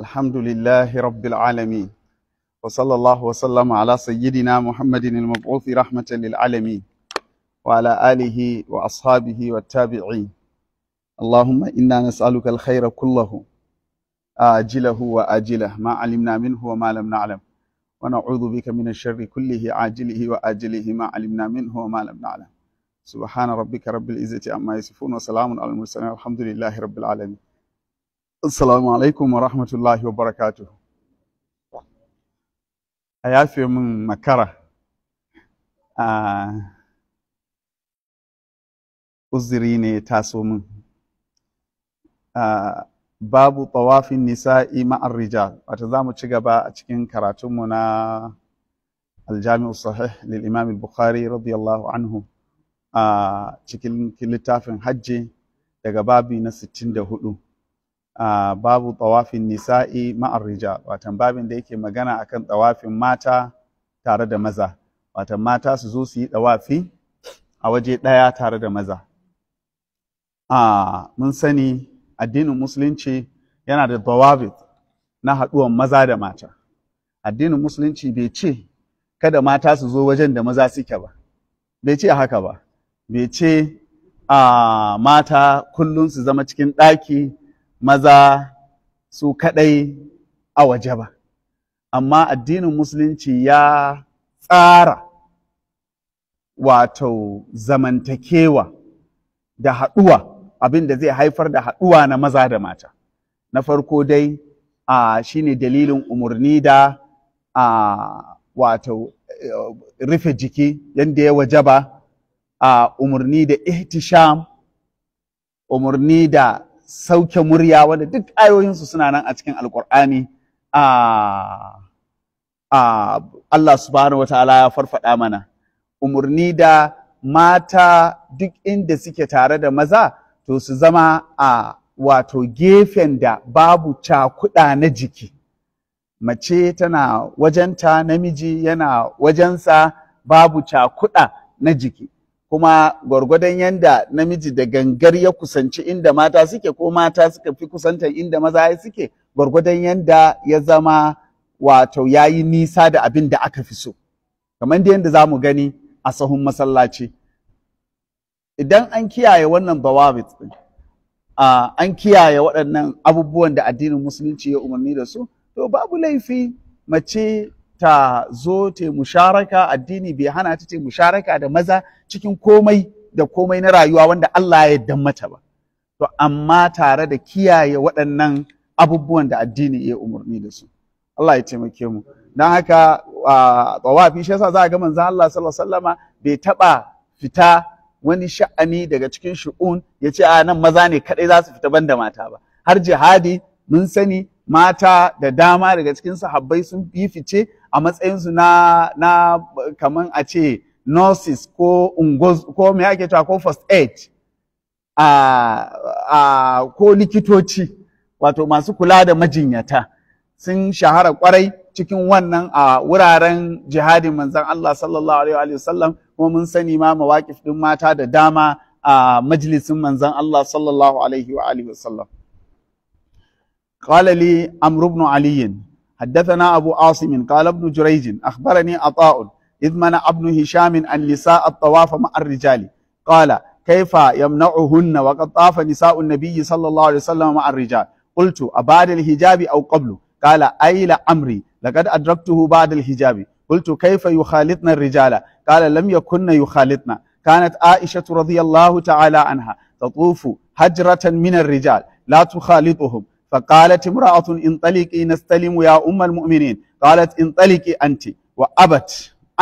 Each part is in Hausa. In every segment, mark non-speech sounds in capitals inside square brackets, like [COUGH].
الحمد لله رب العالمين وصلى الله وسلم على سيدنا محمد المبعوث رحمة للعالمين وعلى آله وأصحابه والتابعين اللهم إنا نسألك الخير كله آجله وآجله ما علمنا منه وما لم نعلم ونعوذ بك من الشر كله عاجله وآجله ما علمنا منه وما لم نعلم سبحان ربك رب العزة عما يصفون وسلام على المرسلين الحمد لله رب العالمين Assalamu alaikum wa rahmatullahi wa barakatu. A yafe min makara. Uh, uzuri ne taso min. babu tawafin nisa'i ma'ar rijal. Wata za mu ci gaba a cikin karatunmu na aljami'u sahih lil imam al-bukhari radiyallahu anhu a cikin littafin hajji daga babi na 64. babu tsawafin nisa'i ma'ar rija watan babin da yake magana akan tsawafin mata tare da maza watan mata su zo su yi tsawafi a waje ɗaya tare da maza mun sani addinin musulunci yana da tsawafin na haɗuwan maza da mata addinin musulunci bai ce kada mata su zo wajen da maza suke ba bai ce haka ba bai ce mata kullum su zama cikin ɗaki maza su kaɗai a waje ba amma addinin musulunci ya tsara wato zamantakewa da haɗuwa abin da zai haifar da haɗuwa na maza da mata na farko dai a ne dalilin umarni da a wato eh, rufe jiki yadda ya wajaba a umarni da ihtisham umarni da sauke murya wanda duk ayoyinsu suna nan a cikin alkur'ani a Allah subhanahu wataala ya farfada mana umarni da mata duk inda suke tare da maza to su zama a wato gefen da babu cakuɗa na jiki mace tana wajenta namiji yana wajensa babu cakuɗa na jiki kuma gwargwadon yanda namiji da gangar ya kusanci inda mata suke ko mata suka fi kusantar inda maza suke gwargwadon yanda ya zama wato ya yi nisa da abin da aka fi so kamar da yanda za mu gani a sahun masallaci idan an kiyaye wannan bawabit ɗin an kiyaye waɗannan abubuwan da addinin musulunci ya umarni da su to babu laifi mace ta zo ta musharaka addini bai hana ta ta musharaka da maza cikin komai da komai na rayuwa wanda Allah ya yarda mata ba to amma tare da kiyaye waɗannan abubuwan da addini ya umarni da su Allah ya taimake mu dan haka tawafi shi yasa za ga manzon Allah sallallahu alaihi bai taɓa fita wani sha'ani daga cikin shu'un ya ce a nan maza ne kaɗai za su fita banda mata ba har jihadi mun sani mata da dama daga cikin sahabbai sun yi fice a matsayinsu na na kaman a ce nurses ko ungoz ko me ake cewa ko first aid a ko likitoci wato masu kula da majinyata sun shahara kwarai cikin wannan a wuraren jihadin manzon Allah sallallahu alaihi wasallam kuma mun sani ma mawaƙif ɗin mata da dama a majalisin manzon Allah sallallahu alaihi wa wasallam qala li حدثنا أبو عاصم قال ابن جريج أخبرني عطاء إذ منع ابن هشام النساء الطواف مع الرجال قال كيف يمنعهن وقد طاف نساء النبي صلى الله عليه وسلم مع الرجال قلت أبعد الحجاب أو قبله قال أيل أمري لقد أدركته بعد الحجاب قلت كيف يخالطن الرجال قال لم يكن يخالطن كانت عائشة رضي الله تعالى عنها تطوف هجرة من الرجال لا تخالطهم فقالت امرأة انطلقي نستلم يا أم المؤمنين قالت انطلقي أنت وأبت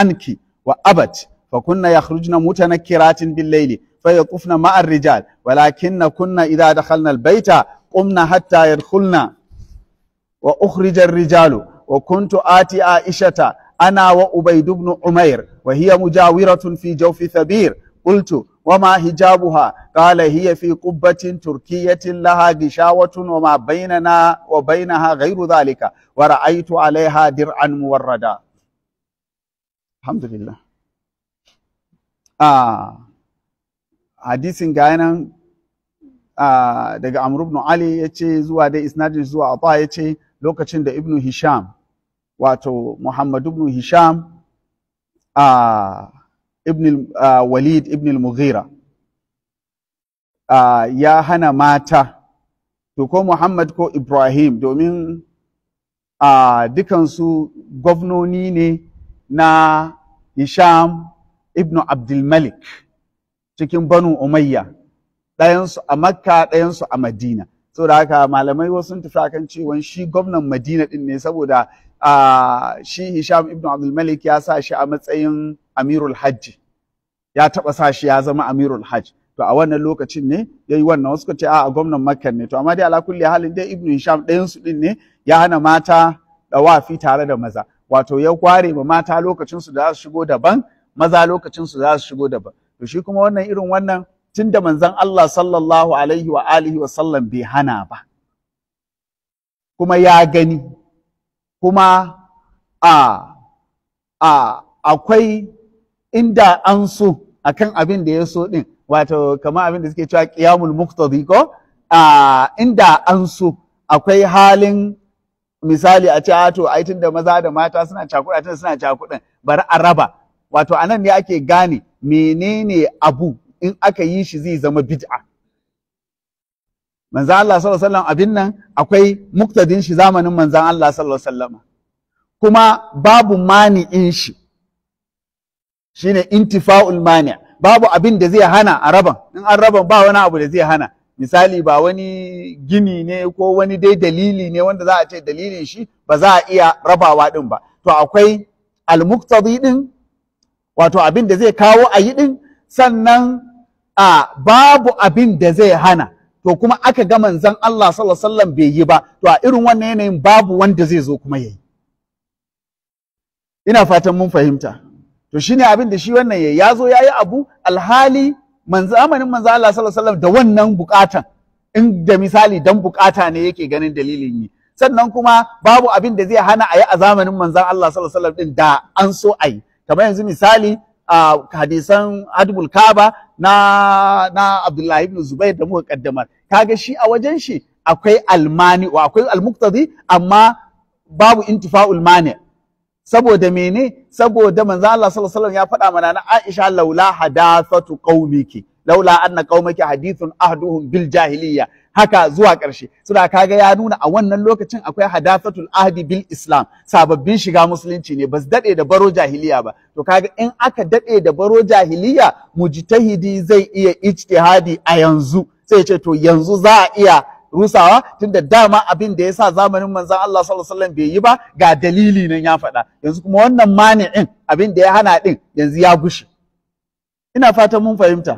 أنك وأبت فكنا يخرجن متنكرات بالليل فيطفن مع الرجال ولكن كنا إذا دخلنا البيت قمنا حتى يدخلنا وأخرج الرجال وكنت آتي عائشة أنا وأبيد بن عمير وهي مجاورة في جوف ثبير قلت وما حجابها قال هي في قبة تركية لها غشاوة وما بيننا وبينها غير ذلك ورأيت عليها درعا موردا الحمد لله آه حديث غاينا آه دقى Amr بن علي yace زوا دي isnadin زوا Ata yace لوكا da ابن هشام واتو محمد ابن هشام آه ibn ah, walid ibn mughira ah, ya hana mata to ko muhammad ko ibrahim domin ah, dukansu gwamnoni ne na hisham ibn abdulmalik cikin banu umayya ɗayansu a makka ɗayansu a madina da haka malamai wasu sun tafi akan cewa shi gwamnan madina ɗin ne saboda shi hisham ibn abdulmalik ya sa shi a matsayin amirul hajji ya taɓa sashi ya zama amirul hajji to a wannan lokacin ne ya yi wannan wasu ce a gwamnan makka ne to amma dai ala kulli halin dai ibnu hisham ɗayan su ɗin ne ya hana mata dawafi tare da maza wato ya kware ma mata lokacin su da za su shigo daban maza lokacin su za su shigo daban to shi kuma wannan irin wannan tun da manzon Allah sallallahu alaihi wa alihi wa sallam bai hana ba kuma ya gani kuma a a akwai inda an so a kan abin da ya so ɗin, wato kamar abin da suke cewa ƙiyamul ko a inda an so akwai halin misali a ce a to ai tunda maza da mata suna cakuɗa tunda suna cakuɗa bari a raba wato a nan ne ake gane menene abu in aka yi shi zai zama bid'a manzan Allah sallallahu alaihi abin nan akwai muktadin shi zamanin manzan Allah sallallahu alaihi kuma babu mani'in shi shine intifa'ul mani babu abin da zai hana a raban in an raban ba wani abu da zai hana misali ba wani gini ne ko wani dai dalili ne wanda za a ce dalilin shi ba za a iya rabawa din ba to akwai almuktadi din wato abin da zai kawo a yi din sannan a babu abin da zai hana to kuma aka ga manzon Allah sallallahu alaihi bai yi ba to a irin wannan yanayin babu wanda zai zo kuma yayi ina fatan mun fahimta to shine abin da shi wannan ya yazo yi abu alhali manzo amanin manzo Allah sallallahu alaihi da wannan bukatan in da misali dan bukata ne yake ganin dalilin yi sannan kuma babu abin da zai hana a yi a zamanin manzon Allah sallallahu alaihi din da an so a yi kamar yanzu misali a hadisan Adbul Kaba na na Abdullahi ibn Zubair da muka kaddamar kaga shi a wajen shi akwai almani akwai almuqtadi amma babu intifa'ul mani saboda mene saboda manzo Allah sallallahu alaihi ya faɗa mana Nana Aisha laula hadathatu qaumiki laula anna qaumaki hadithun ahduhum bil jahiliya haka zuwa ƙarshe suna kaga ya nuna a wannan lokacin akwai hadathatul ahdi bil islam sababbin shiga musulunci ne ba su dade da baro jahiliya ba to kaga in aka dade da baro jahiliya mujtahidi zai iya ijtihadi a yanzu sai ce to yanzu za a iya rusawa tunda dama abin da sa zamanin manzon Allah sallallahu alaihi wasallam bai yi ba ga dalili nan ya faɗa yanzu kuma wannan mani'in abin da ya hana din yanzu ya gushi ina fatan mun fahimta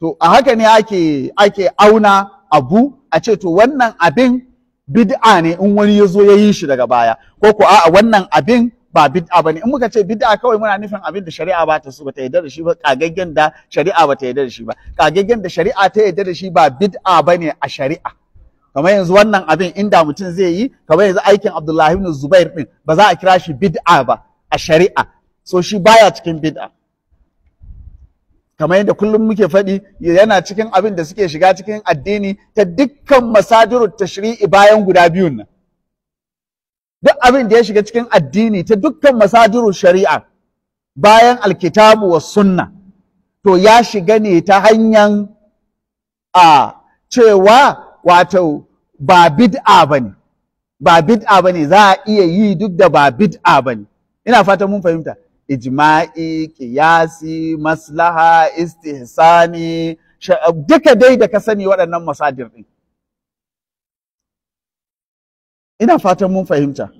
to a haka ne ake ake auna abu a ce to wannan abin bid'a ne in wani yazo zo ya yi shi daga baya ko ko a'a wannan abin ba bid'a bane in muka ce bid'a kawai muna nufin abin da shari'a ba ta so ta yarda da shi ba kagaggen da shari'a ba ta yarda da shi ba kagaggen da shari'a ta yarda da shi ba bid'a bane a shari'a kamar yanzu wannan abin inda mutum zai yi kamar yanzu aikin Abdullahi ibn Zubair din ba za a kira shi bid'a ba a shari'a so shi baya cikin bid'a kamar yadda kullum muke faɗi yana cikin abin da suke shiga cikin addini ta dukkan masadirut tashri'i bayan guda biyun nan duk abin da ya shiga cikin addini ta dukkan masadiru shari'a bayan alkitabu wa sunna to ya shiga ne ta hanyar a cewa wato ba bid'a bane ba bid'a bane za a iya yi duk da ba bid'a bane ina fatan mun fahimta ijma'i qiyasi maslaha istihsani duka dai da ka sani waɗannan masadir ɗin ina fatan mun fahimta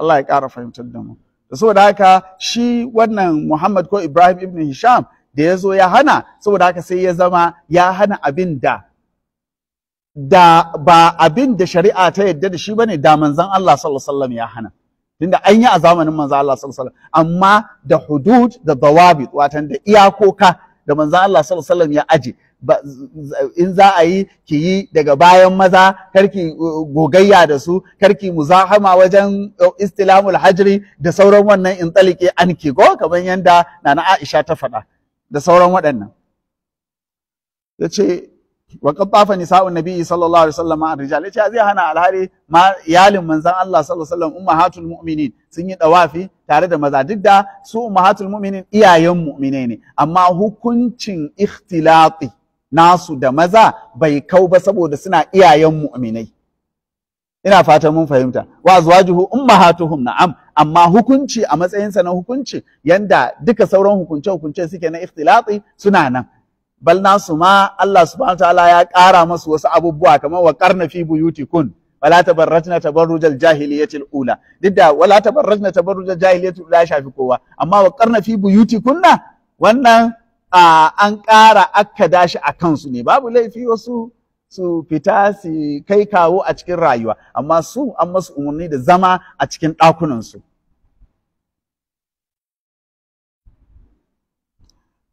Allah ya ƙara fahimtar da mu saboda haka shi wannan Muhammad ko Ibrahim ibn Hisham da ya zo ya hana saboda haka sai ya zama ya hana abin da da ba abin da shari'a ta yadda da shi bane da manzon Allah sallallahu alaihi ya hana tunda an yi a zamanin manzon Allah sallallahu alaihi amma da hudud da dawabit watan da iyakoka da manzon Allah sallallahu ya aje in za a yi ki yi daga bayan maza karki uh, gogayya da su karki muzahama wajen uh, istilamul hajri da sauran wannan in tsalike an ki go kamar yanda nana Aisha ta faɗa da sauran waɗannan yace wa qad tafa nisa'un nabi sallallahu alaihi wasallam an rijal yace zai hana alhari iyalin manzon Allah sallallahu alaihi wasallam ummahatul mu'minin sun yi dawafi tare da maza duk da su ummahatul mu'minin iyayen mu'minai ne amma hukuncin ikhtilati nasu da maza bai kau ba saboda suna iyayen mu'minai ina fatan mun fahimta wa azwajuhu ummahatuhum na'am amma hukunci a matsayinsa na hukunci yanda duka sauran hukunce hukunce suke na ikhtilati suna nan bal nasu ma Allah subhanahu ta'ala ya ƙara masu wasu abubuwa kamar wa qarna fi buyutikun wala tabarrajna tabarrujal jahiliyatil alula duk da wala tabarrajna tabarrujal jahiliyatil alula ya shafi kowa amma wa qarna fi buyutikunna wannan an ƙara akkada shi a kansu ne babu laifi wasu su fita su kai kawo a cikin rayuwa amma su an masu umarni da zama a cikin ɗakunansu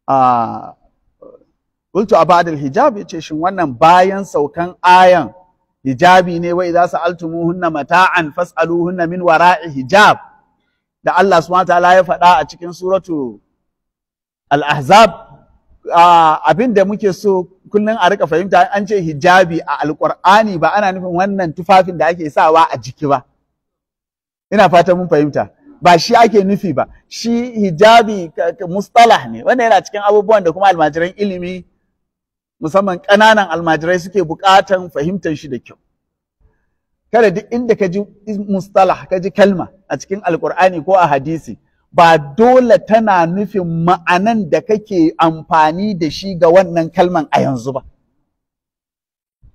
a a abadal hijab yace shin wannan bayan saukan ayan hijabi ne su altumu sa'altumuhunna mata'an fas'aluhunna min wara'i hijab da Allah subhanahu ta'ala ya faɗa a cikin suratu al abin da muke so kullum a rika fahimta an ce hijabi a alqur'ani ba ana nufin wannan tufafin da ake sawa a jiki ba ina fata mun fahimta ba shi ake nufi ba shi hijabi mustalah ne wanda yana cikin abubuwan da kuma almajiran ilimi musamman ƙananan almajirai suke buƙatan fahimtar shi da kyau kada duk inda ka ji mustalah ka ji kalma a cikin alkur'ani ko a hadisi ba dole tana nufin ma'anan da kake amfani da shi ga wannan kalman a yanzu ba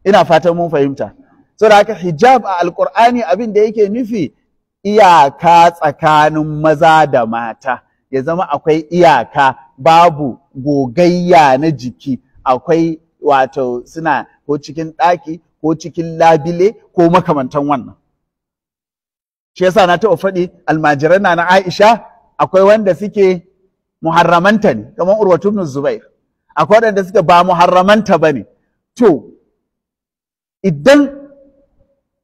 ina fatan mun fahimta saboda haka hijab a alkur'ani abin da yake nufi iyaka tsakanin maza da mata ya zama akwai iyaka babu gogayya na jiki akwai wato suna ko cikin ɗaki ko cikin labile ko makamantan wannan shi yasa na taɓa faɗi almajiran na na Aisha akwai wanda suke muharramanta ne kamar Urwatu ibn Zubair akwai wanda suke ba muharramanta bane to idan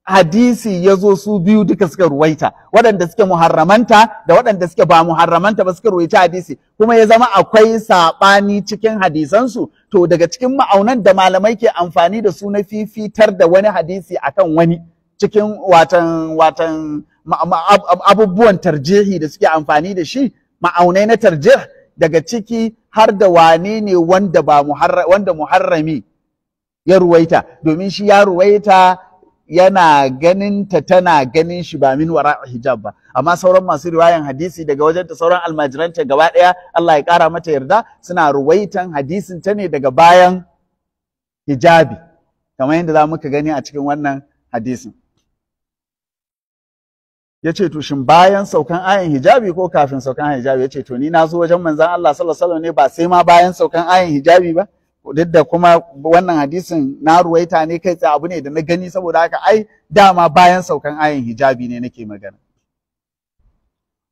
hadisi ya zo su biyu duka suka ruwaita waɗanda suke muharramanta da waɗanda suke ba muharramanta ba suka ruwaita hadisi kuma ya zama akwai saɓani cikin hadisansu to daga cikin ma'aunan da malamai ke amfani da su na fifitar da wani hadisi akan wani cikin watan watan abubuwan tarjihi da suke amfani da shi ma'aunai na tarjih daga ciki har da wane ne wanda ba wanda muharrami ya ruwaita domin shi ya ruwaita yana ganin ta tana ganin shi ba min wara hijab ba amma sauran masu riwayan hadisi daga wajen ta sauran almajiranta gaba daya Allah ya kara mata yarda suna ruwaitan hadisin ta ne daga bayan hijabi kamar yadda za muka gani a cikin wannan hadisin ya ce to shin bayan saukan ayin hijabi ko kafin saukan ayin hijabi ya ce to ni na zo wajen manzan Allah sallallahu alaihi wasallam ne ba sai ma bayan saukan ayin hijabi ba duk da kuma wannan hadisin na ruwaita ne kai tsaye abu ne da na gani saboda haka ai dama bayan saukan ayin hijabi ne nake magana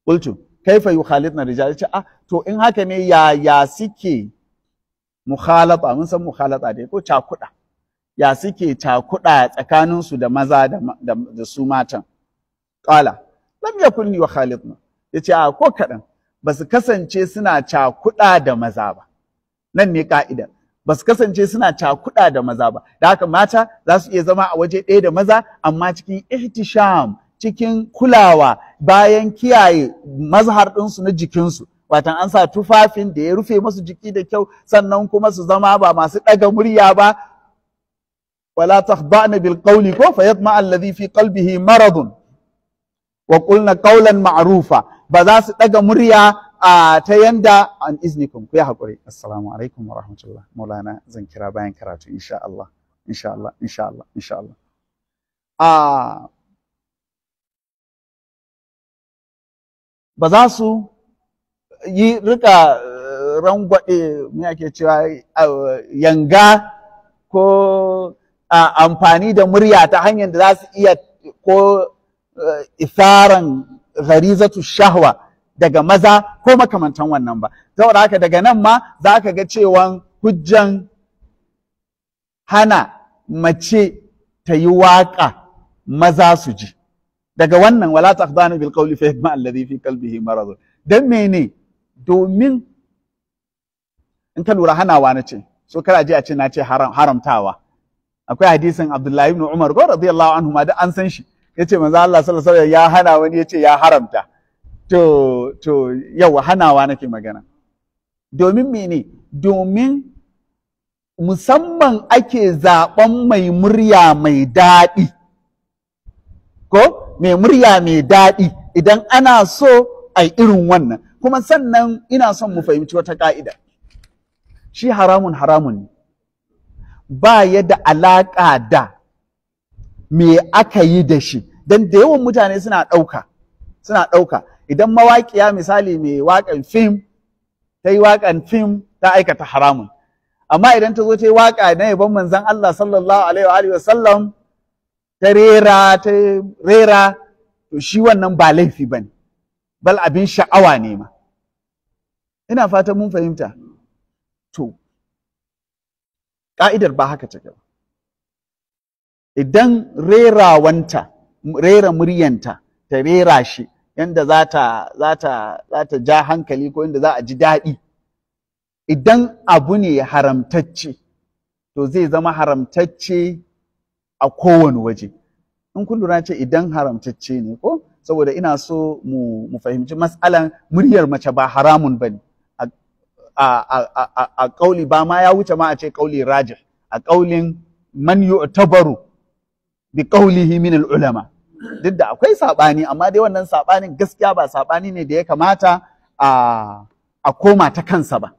qultu kaifa na rijal ce ah to in haka ne ya ya suke mukhalata mun san mukhalata dai ko cakuda ya suke cakuda tsakaninsu da maza da, su matan Kala, lam na, ya ce ah ko kaɗan. Ba su kasance suna cakuɗa da maza ba nan ne ka'idar ba su kasance suna cakuɗa da maza ba da haka mata za su iya zama a waje ɗaya da maza amma cikin ihtisham cikin kulawa bayan kiyaye mazhar ɗinsu na jikinsu watan an sa tufafin da ya rufe masu jiki da kyau sannan kuma su zama ba masu ɗaga murya ba wala takhda'na bil qawli ko fa yatma alladhi fi qalbihi maradun wa qulna qawlan ba za su ɗaga murya a ta yanda an iznikum ku ya haƙuri assalamu alaikum wa rahmatullah maulana zan kira bayan karatu insha Allah insha Allah insha Allah insha Allah a ba za su yi rika rangwaɗe me ake cewa yanga ko amfani da murya ta hanyar da za su iya ko isaran gharizatu shahwa daga maza ko makamantan wannan ba saboda haka daga nan ma za ka ga cewan hujjan hana mace ta yi waƙa maza su ji daga wannan wala taqdanu bil qawli fa ma alladhi fi qalbihi marad dan mene domin in ka lura hanawa na ce so kada ji je a ce na ce haramtawa akwai hadisin Abdullahi ibn Umar go radiyallahu anhu ma da an san shi yace manzo Allah sallallahu alaihi wasallam ya hana wani yace ya haramta to to yawa hanawa nake magana domin mene domin musamman ake zaben mai murya mai daɗi ko mai murya mai daɗi idan ana so a irin wannan kuma sannan ina son mu fahimci wata ka'ida shi haramun haramun ne ba ya da alaƙa da me aka yi da shi don da yawan mutane suna ɗauka suna ɗauka idan mawaƙiya misali mai waƙan fim ta yi waƙan fim ta aikata haramun amma idan ta zo ta yi waƙa na yabon manzon Allah sallallahu alaihi wa sallam ta rera ta rera to shi wannan ba laifi bane bal abin sha'awa ne ma ina fatan mun fahimta to ka'idar ba haka take ba idan rerawanta rera muryanta ta rera shi yanda za ta ja hankali ko yanda za a ji daɗi idan abu ne haramtacce to zai zama haramtacce a kowane waje in kun lura ce idan haramtacce ne ko saboda ina so mu, mu fahimci matsalan muryar mace ba haramun ba ne a kauli ba ma ya wuce ma a ce kauli rajih a kaulin man yu'tabaru bi qawlihi min al ulama duk da akwai saɓani amma dai wannan saɓanin gaskiya ba saɓani ne da ya kamata a koma ta kansa ba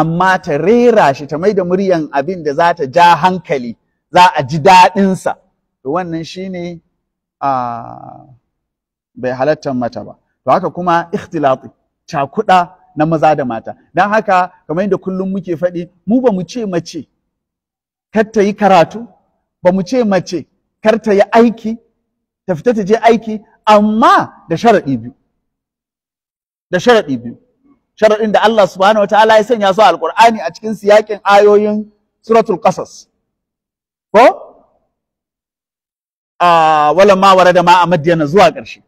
amma ta rera shi ta mai da muryan abin da za ta ja hankali za a ji daɗinsa to wannan shi ne bai halattar mata ba to haka kuma ikhtilati cakuɗa na maza da mata don haka kamar yadda kullum muke faɗi mu ba mu ce mace kar ta yi karatu ba mu ce mace kar ta yi aiki ta fita ta je aiki amma da sharaɗi biyu da sharaɗi biyu sharaɗin da Allah subhanahu wa ta'ala ya sanya su a alƙur'ani a cikin siyaƙin ayoyin suratul qasas ko a wala ma da ma a madiyana zuwa ƙarshe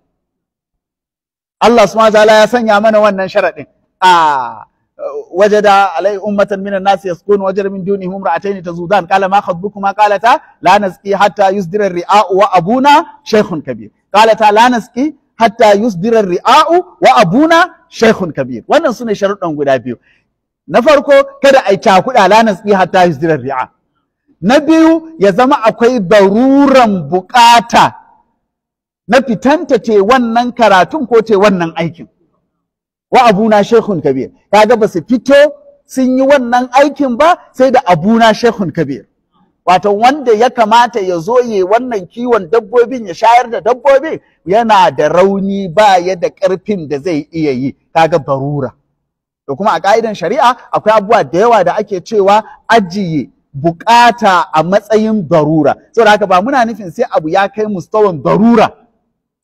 Allah subhanahu wa ta'ala ya sanya mana wannan sharaɗin a وجد da أمة من الناس يسقون وجد من دونهم امرأتين تزودان قال ما خطبكما قالتا لا نسقي حتى يصدر الرعاء وأبونا شيخ كبير قالتا لا نسقي حتى يصدر الرعاء وأبونا شيخ كبير sharuɗan guda biyu na farko kada ai cakuɗa la nasqi hatta yusdira ri'a na biyu ya zama akwai baruran buƙata. na fitanta ce wannan karatun ko ce wannan aikin wa abuna shekun kabir kaga ba su fito sun yi wannan aikin ba sai da abuna shekun kabir wato wanda ya kamata ya zo yi wannan kiwon dabbobin ya shayar da dabbobin yana da rauni ba ya da ƙarfin da zai iya yi kaga barura da kuma a ka'idan shari'a akwai abubuwa da yawa da ake cewa ajiye bukata a matsayin barura saboda haka ba muna nufin sai abu ya kai mustawan barura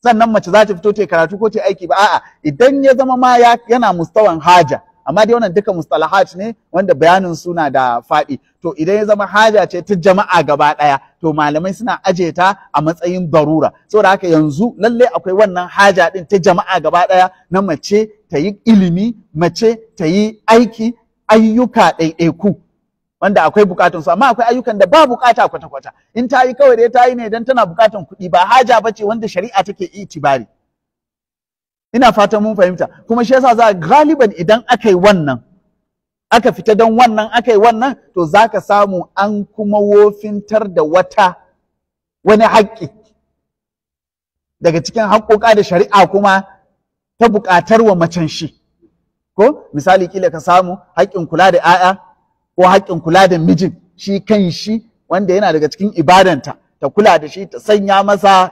sannan mace za ta fito ta karatu ko ta aiki ba a'a idan ya zama ma yana mustawan haja amma dai wannan duka mustalahat ne wanda bayanin suna da faɗi to idan ya zama haja ce ta jama'a gaba ɗaya to malamai suna aje ta a matsayin barura saboda haka yanzu lalle akwai wannan haja din ta jama'a gaba ɗaya na mace ta yi ilimi mace ta yi aiki ayyuka ɗaiɗaiku wanda akwai bukatun su amma akwai ayyukan da ba bukata kwata kwata in ta yi kawai dai ta yi ne dan tana bukatan kuɗi ba haja bace wanda shari'a take itibari ina fatan mun fahimta kuma shi yasa za galiban idan akai wannan aka fita dan wannan akai wannan to zaka samu an kuma wofintar da wata wani haƙƙi daga cikin haƙƙoƙa da shari'a kuma ta buƙatar wa macen shi ko misali kila ka samu haƙƙin kula da 'ya'ya ko haƙƙin kula da mijin shi kan shi wanda yana daga cikin ibadanta ta kula da shi ta sanya masa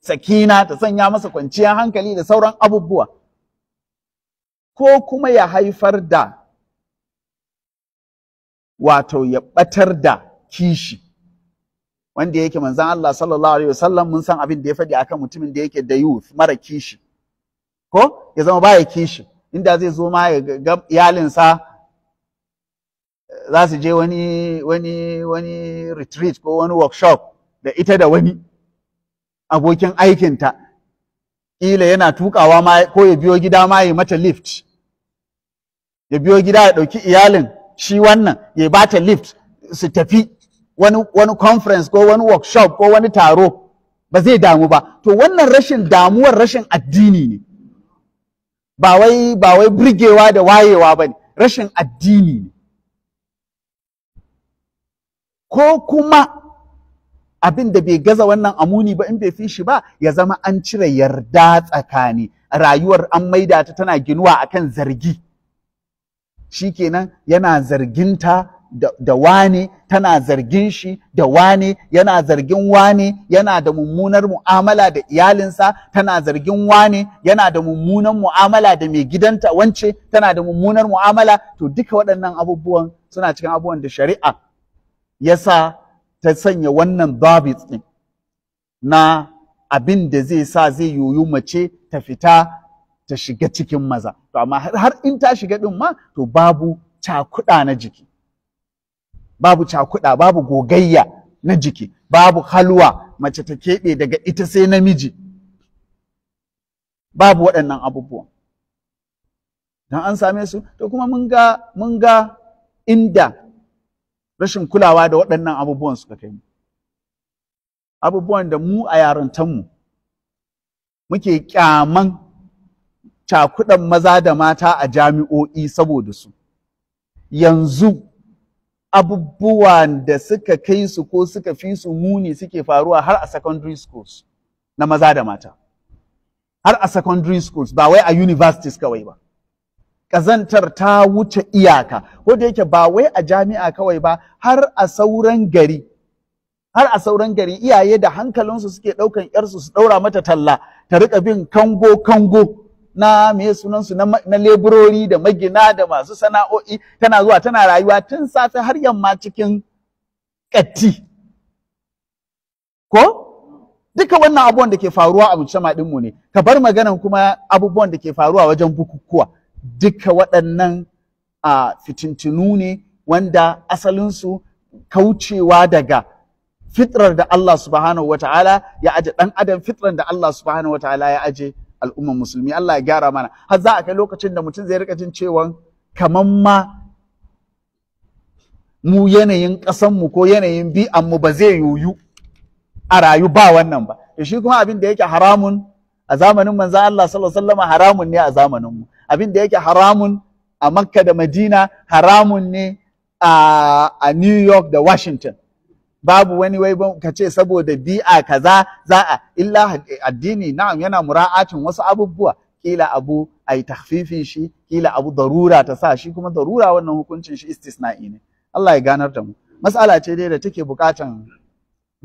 sakina ta sanya masa kwanciyar hankali da sauran abubuwa ko kuma ya haifar da wato ya ɓatar da kishi wanda yake manzan Allah sallallahu alaihi wasallam mun san abin da ya faɗi akan mutumin da yake da youth mara kishi ko ya zama baya kishi inda zai zo ma ya ga iyalinsa za su je wani wani wani retreat ko wani workshop da ita da wani abokin aikinta ƙila yana tukawa ma ko ya biyo gida ma ya mata lift ya biyo gida ya ɗauki iyalin shi wannan ya ba ta lift su tafi wani wani conference ko wani workshop ko wani taro ba zai damu ba to wannan rashin damuwar rashin addini ne ba wai ba wai burgewa da wayewa ba ne rashin addini ne ko kuma abin da bai gaza wannan amuni ba in bai fi shi ba ya zama an cire yarda tsakani rayuwar an maida ta tana ginuwa a kan zargi shikenan yana zarginta da, da wane tana zargin shi da wane yana zargin wane yana da mummunar mu'amala da iyalinsa tana zargin wane yana da mummunar mu'amala da mai gidanta wance tana da mummunar mu'amala to duka waɗannan abubuwan suna cikin abubuwan da shari'a yasa ta sanya wannan dabit din? na abin da zai sa zai yoyu mace ta fita ta shiga cikin maza to amma har in ta shiga ɗin ma to babu cakuɗa na jiki babu cakuɗa babu gogayya na jiki babu halwa mace ta keɓe daga ita sai namiji babu waɗannan abubuwa don an same su to kuma mun ga mun ga inda rashin kulawa da waɗannan abubuwan suka kai mu abubuwan da mu a yarantanmu muke kyaman cakuɗan maza da mata a jami'o'i saboda su yanzu abubuwan da suka kai su ko suka fi su muni suke faruwa har a secondary schools na maza da mata har a secondary schools ba wai a universities kawai ba ƙazantar ta wuce iyaka Ko da yake ba wai a jami'a kawai ba har a sauran gari har a sauran gari iyaye da hankalinsu suke ɗaukan yarsu su ɗaura mata talla ta rika bin kango kango na me sunansu na, na leburori da magina da masu sana'o'i tana zuwa tana rayuwa tun safe har yamma cikin ƙatti ko duka wannan abubuwan da ke faruwa a mace ne ka bar maganan kuma abubuwan da ke faruwa wajen bukukuwa duka waɗannan a fitintinu ne wanda asalinsu kaucewa daga fitrar da Allah subhanahu wata'ala ya aje ɗan adam fitrar da Allah subhanahu wata'ala ya aje al'umman musulmi Allah ya gyara mana har za a kai lokacin da mutum zai rika jin cewa kaman ma mu yanayin ƙasanmu ko yanayin bi'anmu ba zai yoyu a rayu ba wannan ba shi kuma abin da yake haramun a zamanin manzo Allah sallallahu alaihi wasallam haramun ne a zamanin mu abin da yake haramun a makka da madina haramun ne a, a new york da washington babu wani wai ka ce saboda bi'a kaza za a illa addini na'am yana mura'atin wasu abubuwa kila abu a yi tafifin shi kila abu darura ta sa shi kuma darura wannan hukuncin shi istisna'i ne Allah ya ganar da mu mas'ala ce dai da take bukatan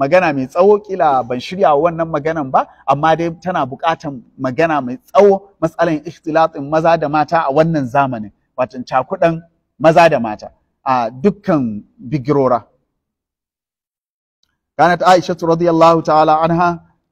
magana mai tsawo kila ban shirya wannan maganan ba amma dai tana buƙatar magana mai tsawo matsalan ikhtilatin maza da mata a wannan zamanin watan cakudan maza da mata a dukkan bigirora kanat aisha radiyallahu ta'ala anha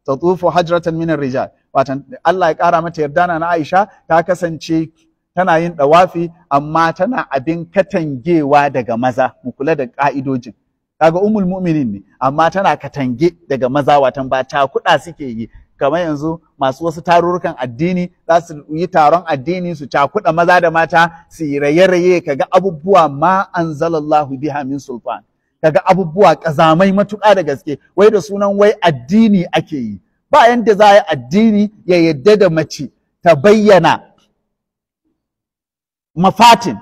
tatufu hajratan min rijal watan Allah ya kara mata yarda na Aisha ta kasance tana yin dawafi amma tana abin katangewa daga maza mu kula da ka'idojin kaga umul mu'minin ne amma tana katange daga maza watan ba ta kuɗa suke yi kamar yanzu masu wasu tarurrukan addini za su yi taron addini su cakuɗa maza da mata su yi raye-raye kaga abubuwa ma anzalallahu biha min sulfan kaga abubuwa kazamai matuƙa da gaske wai da sunan wai addini ake yi ba yanda za a yi addini ya yadda da mace ta bayyana mafatin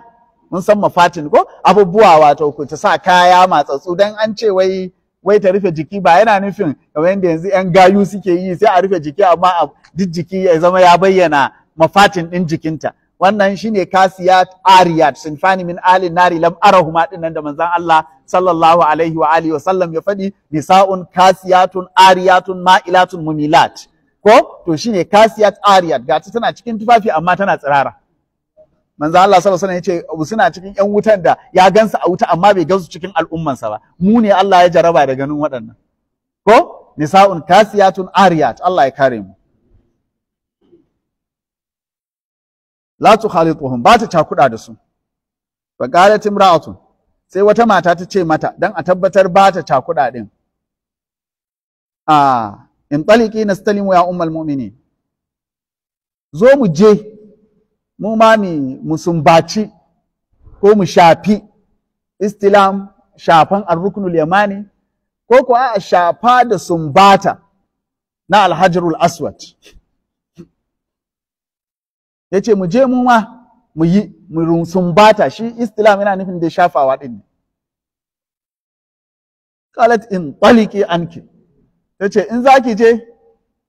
mun san mafatin ko abubuwa wato ku ta sa kaya matsatsu dan an ce wai wai ta rufe jiki ba yana nufin kamar yadda yanzu yan gayu suke yi sai a rufe jiki amma duk jiki ya zama ya bayyana mafatin din jikinta wannan shine kasiyat ariyat sinfani min ali nari lam arahuma din nan da manzon Allah sallallahu alaihi wa alihi wa sallam ya faɗi nisa'un kasiyatun ariyatun ma'ilatun mumilat ko to shine kasiyat ariyat gata tana cikin tufafi amma tana tsirara manzo Allah sallallahu alaihi wasallam yace suna cikin yan wutan da ya gansu a wuta amma bai gansu cikin al'ummansa ba mu ne Allah ya jaraba da ganin waɗannan ko nisa'un kasiyatun ariyat Allah ya kare mu la tukhalituhum ba ta cakuda da su fa qalat imra'atun sai wata mata ta ce mata dan a tabbatar ba ta cakuda din a ah, in taliki nastalimu ya ummul mu'minin zo mu je mu ma mu sumbaci ko mu shafi istilam shafan arrukunul yamani ko ko a shafa da sumbata na alhajarul aswad ya ce mu je mu ma mu yi sumbata shi istilam yana nufin da shafawa din ne in taliki anki ce in za ki je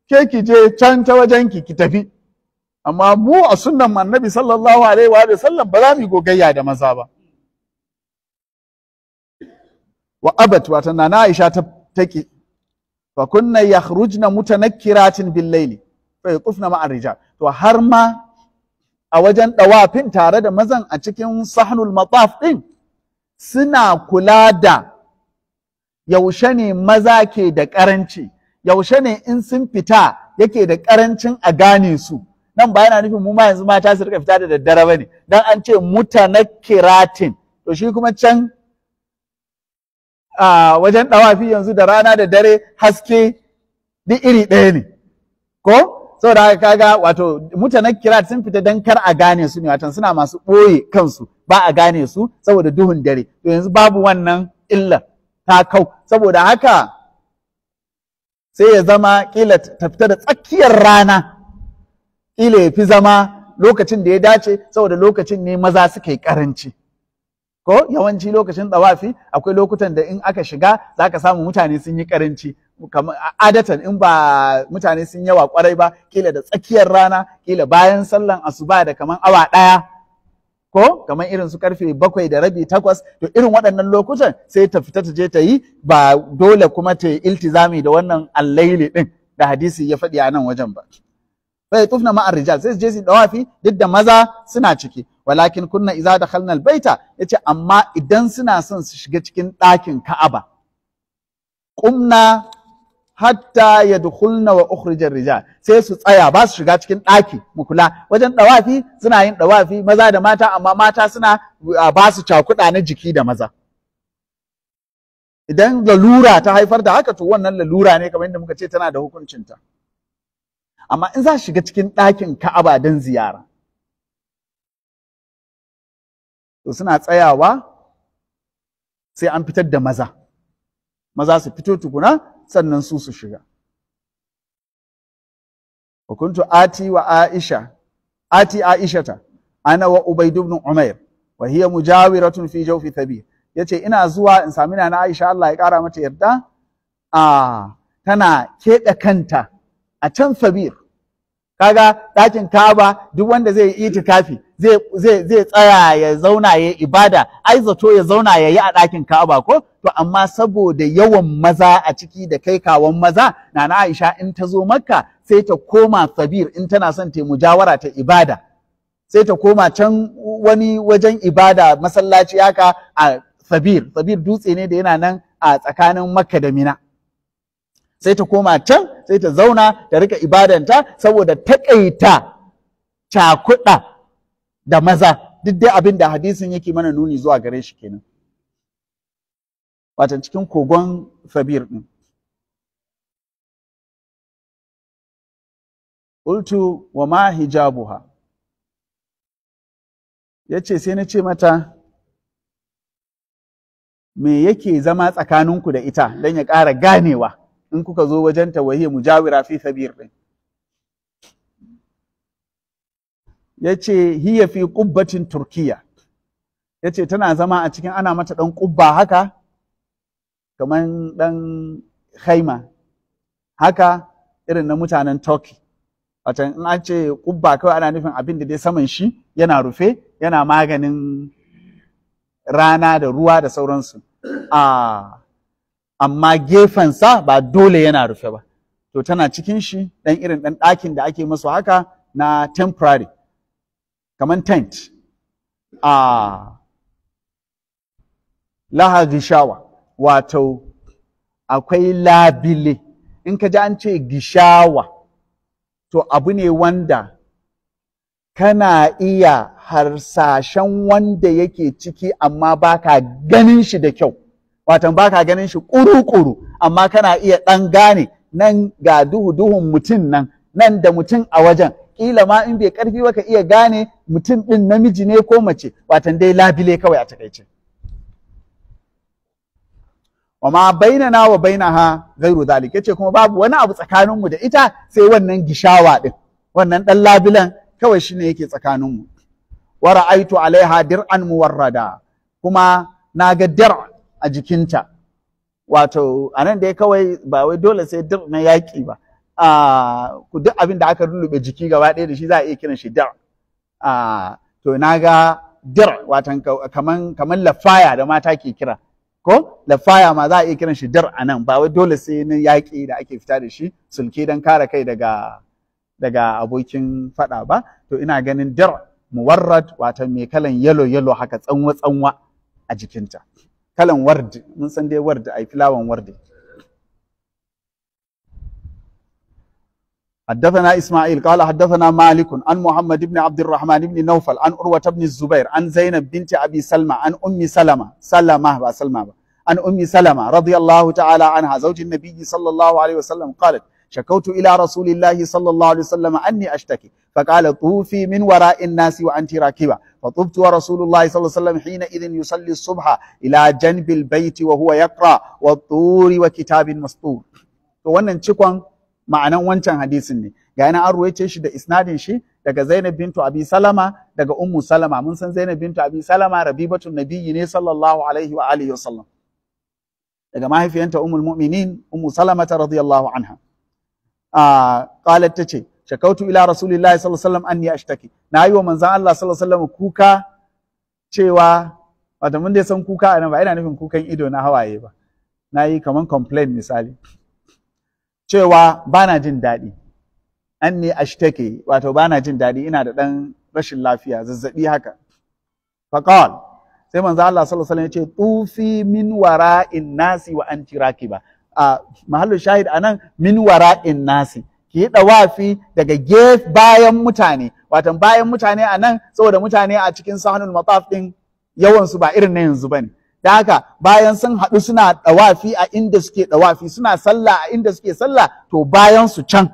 ke ki je can ta wajen ki ki tafi amma mu a sunnan annabi sallallahu alaihi wa sallam ba za mu yi gogayya da maza ba wa abat wata na aisha ta take fa kunna yakhrujna mutanakkiratin bil layli fa yaqufna ma'a rijal to har ma a wajen dawafin tare da mazan a cikin sahnul mataf din suna kula da yaushe ne maza ke da karanci yaushe ne in sun fita yake da karancin a gane su nan ba yana nufin mu ma yanzu mata su rika fita da daddare bane dan an ce mutanakiratin to shi kuma can a wajen dawafi yanzu da rana da dare haske duk iri ɗaya ne ko saboda haka kaga wato mutanen kirat sun fita dan kar a gane su ne watan suna masu ɓoye kansu ba a gane su saboda duhun dare to yanzu babu wannan illa ta kau saboda haka sai ya zama kila ta fita da tsakiyar rana Kila ya fi zama lokacin da ya dace saboda lokacin ne maza suke yi ƙaranci ko yawanci lokacin tsawafi akwai lokutan da in aka shiga za ka samu mutane sun yi ƙaranci adatan in ba mutane sun yawa kwarai ba kila da tsakiyar rana kila bayan sallan asuba da kamar awa ɗaya ko kamar irin su karfe bakwai da rabi takwas to irin waɗannan lokutan sai ta fita ta je ta yi ba dole kuma ta yi iltizami da wannan allaili ɗin da hadisi ya faɗi a nan wajen ba. fa yatufna ma'ar rijal sai je su dawafi duk da maza suna ciki walakin kunna idza dakhalna baita yace amma idan suna son su shiga cikin ɗakin Ka'aba Kumna hatta yadkhulna wa ukhrijar rijal sai su tsaya ba su shiga cikin ɗaki mu kula wajen dawafi suna yin dawafi maza da mata amma mata suna ba su cakuɗa na jiki da maza idan lalura ta haifar da haka to wannan lalura ne kamar yadda muka ce tana da hukuncinta amma in za shiga cikin ɗakin ka'aba don ziyara to suna tsayawa sai an fitar da maza maza su fito tukuna sannan su su shiga Hukuntu Ati, وكنت ati aishata آتي عائشة أنا وأبيد بن ratun وهي مجاورة fi جوف Ya yace ina zuwa in sami na Aisha Allah ya kara mata yarda a tana keɗe kanta a can sabir kaga ɗakin kaba duk wanda zai yi itikafi zai zai tsaya ya zauna ya ibada ai zato ya zauna ya yi a ɗakin kaba ko to amma saboda yawan maza a ciki da kai kawon maza nana Aisha in ta zo Makka sai ta koma sabir in tana son ta mujawara ta ibada sai ta koma can wani wajen ibada masallaci haka a sabir sabir dutse ne da yana nan a tsakanin Makka da Mina sai ta koma can sai ta zauna ta rika ibadanta saboda taƙaita cakuɗa da maza duk dai abin da hadisin yake mana nuni zuwa gare shi kenan watan cikin kogon sabir ɗin ultu wa ma hijabuha ya ce sai na ce mata me yake zama tsakaninku da ita don ya ƙara ganewa in kuka zo wajen ta wahiya mujawira fi sabir din yace hiya fi qubbatin turkiya yace tana zama a cikin ana mata dan kubba haka kaman dan khaima haka irin na mutanen turkey watan in an ce kubba kawai ana nufin abin da dai saman shi yana rufe yana maganin rana da ruwa da sauransu a ah, amma gefensa ba dole yana rufe ba to tana cikin shi ɗan irin ɗan ɗakin da ake masu haka na temporary kamar tent a laha wato akwai labile in ka ji an ce gishawa to abu ne wanda kana iya harsashen wanda yake ciki amma baka ganin shi da kyau watan baka ganin shi kuru-kuru amma kana iya ɗan gane nan ga duhu duhun mutum nan nan da mutum a wajen Ƙila ma in bai ƙarfi ba ka iya gane mutum ɗin namiji ne ko mace watan dai labile kawai a takaice wa ma na wa bainaha gairu zalik yace kuma babu wani abu tsakaninmu da ita sai wannan gishawa ɗin. wannan ɗan labilan kawai shine yake tsakaninmu wa ra'aitu alaiha dir'an muwarrada kuma na ga dir'an a jikinta wato a nan dai kawai ba wai dole sai dir na yaƙi ba ku duk abin da aka rullube jiki gaba ɗaya da shi za a iya kiran shi dir to na ga dir wato kaman lafaya da mata ke kira ko lafaya ma za a iya kiran shi dir a nan ba wai dole sai na yaƙi da ake fita da shi sulke don kare kai daga abokin faɗa ba to ina ganin dir muwarrad wato mai kalan yalo yalo haka tsanwa tsanwa a jikinta kalan wardi mun san dai wardi ai filawan wardi حدثنا إسماعيل قال حدثنا مالك عن محمد بن عبد الرحمن بن نوفل عن عروه بن الزبير عن زينب بنت أبي سلمى عن أم سلمى سلمى با سلمى عن أم سلمى رضي الله تعالى عنها زوج النبي صلى الله عليه وسلم قالت shakautu ila rasulillahi sallallahu alaihi wasallam anni ashtaki فقال طوفي من وراء الناس وأنت راكبة فطبت ورسول الله صلى الله عليه وسلم حينئذ يصلي الصبح إلى جنب البيت وهو يقرأ والطور وكتاب مسطور wannan cikon ma'anan wancan hadisin ne ga an ruwaice shi da isnadin shi daga Zainab bintu Abi Salama daga Ummu Salama mun san Zainab bintu Abi Salama rabibatun nabiyyi ne sallallahu alaihi wa alihi daga mahaifiyanta Ummul Mu'minin Ummu Salama radiyallahu anha qalat tace shakautu ila rasulillahi sallallahu alaihi wasallam anni ashtaki na yi wa manzon Allah sallallahu alaihi wasallam kuka cewa wato mun dai san kuka anan ba ina nufin kukan ido na hawaye ba na yi kaman complain misali cewa bana jin daɗi anni ashtaki wato bana jin daɗi ina da ɗan rashin lafiya zazzabi haka faqal sai manzan Allah sallallahu alaihi wasallam ya ce tufi min wara'in nasi wa anti rakiba a mahallin shahid anan min wara'in nasi ki yi wafi daga gef bayan mutane watan bayan mutane anan saboda mutane a cikin sahanul mataf din yawan su ba irin na yanzu bane da haka bayan sun haɗu suna wafi a inda suke wafi suna sallah a inda suke sallah to bayan su can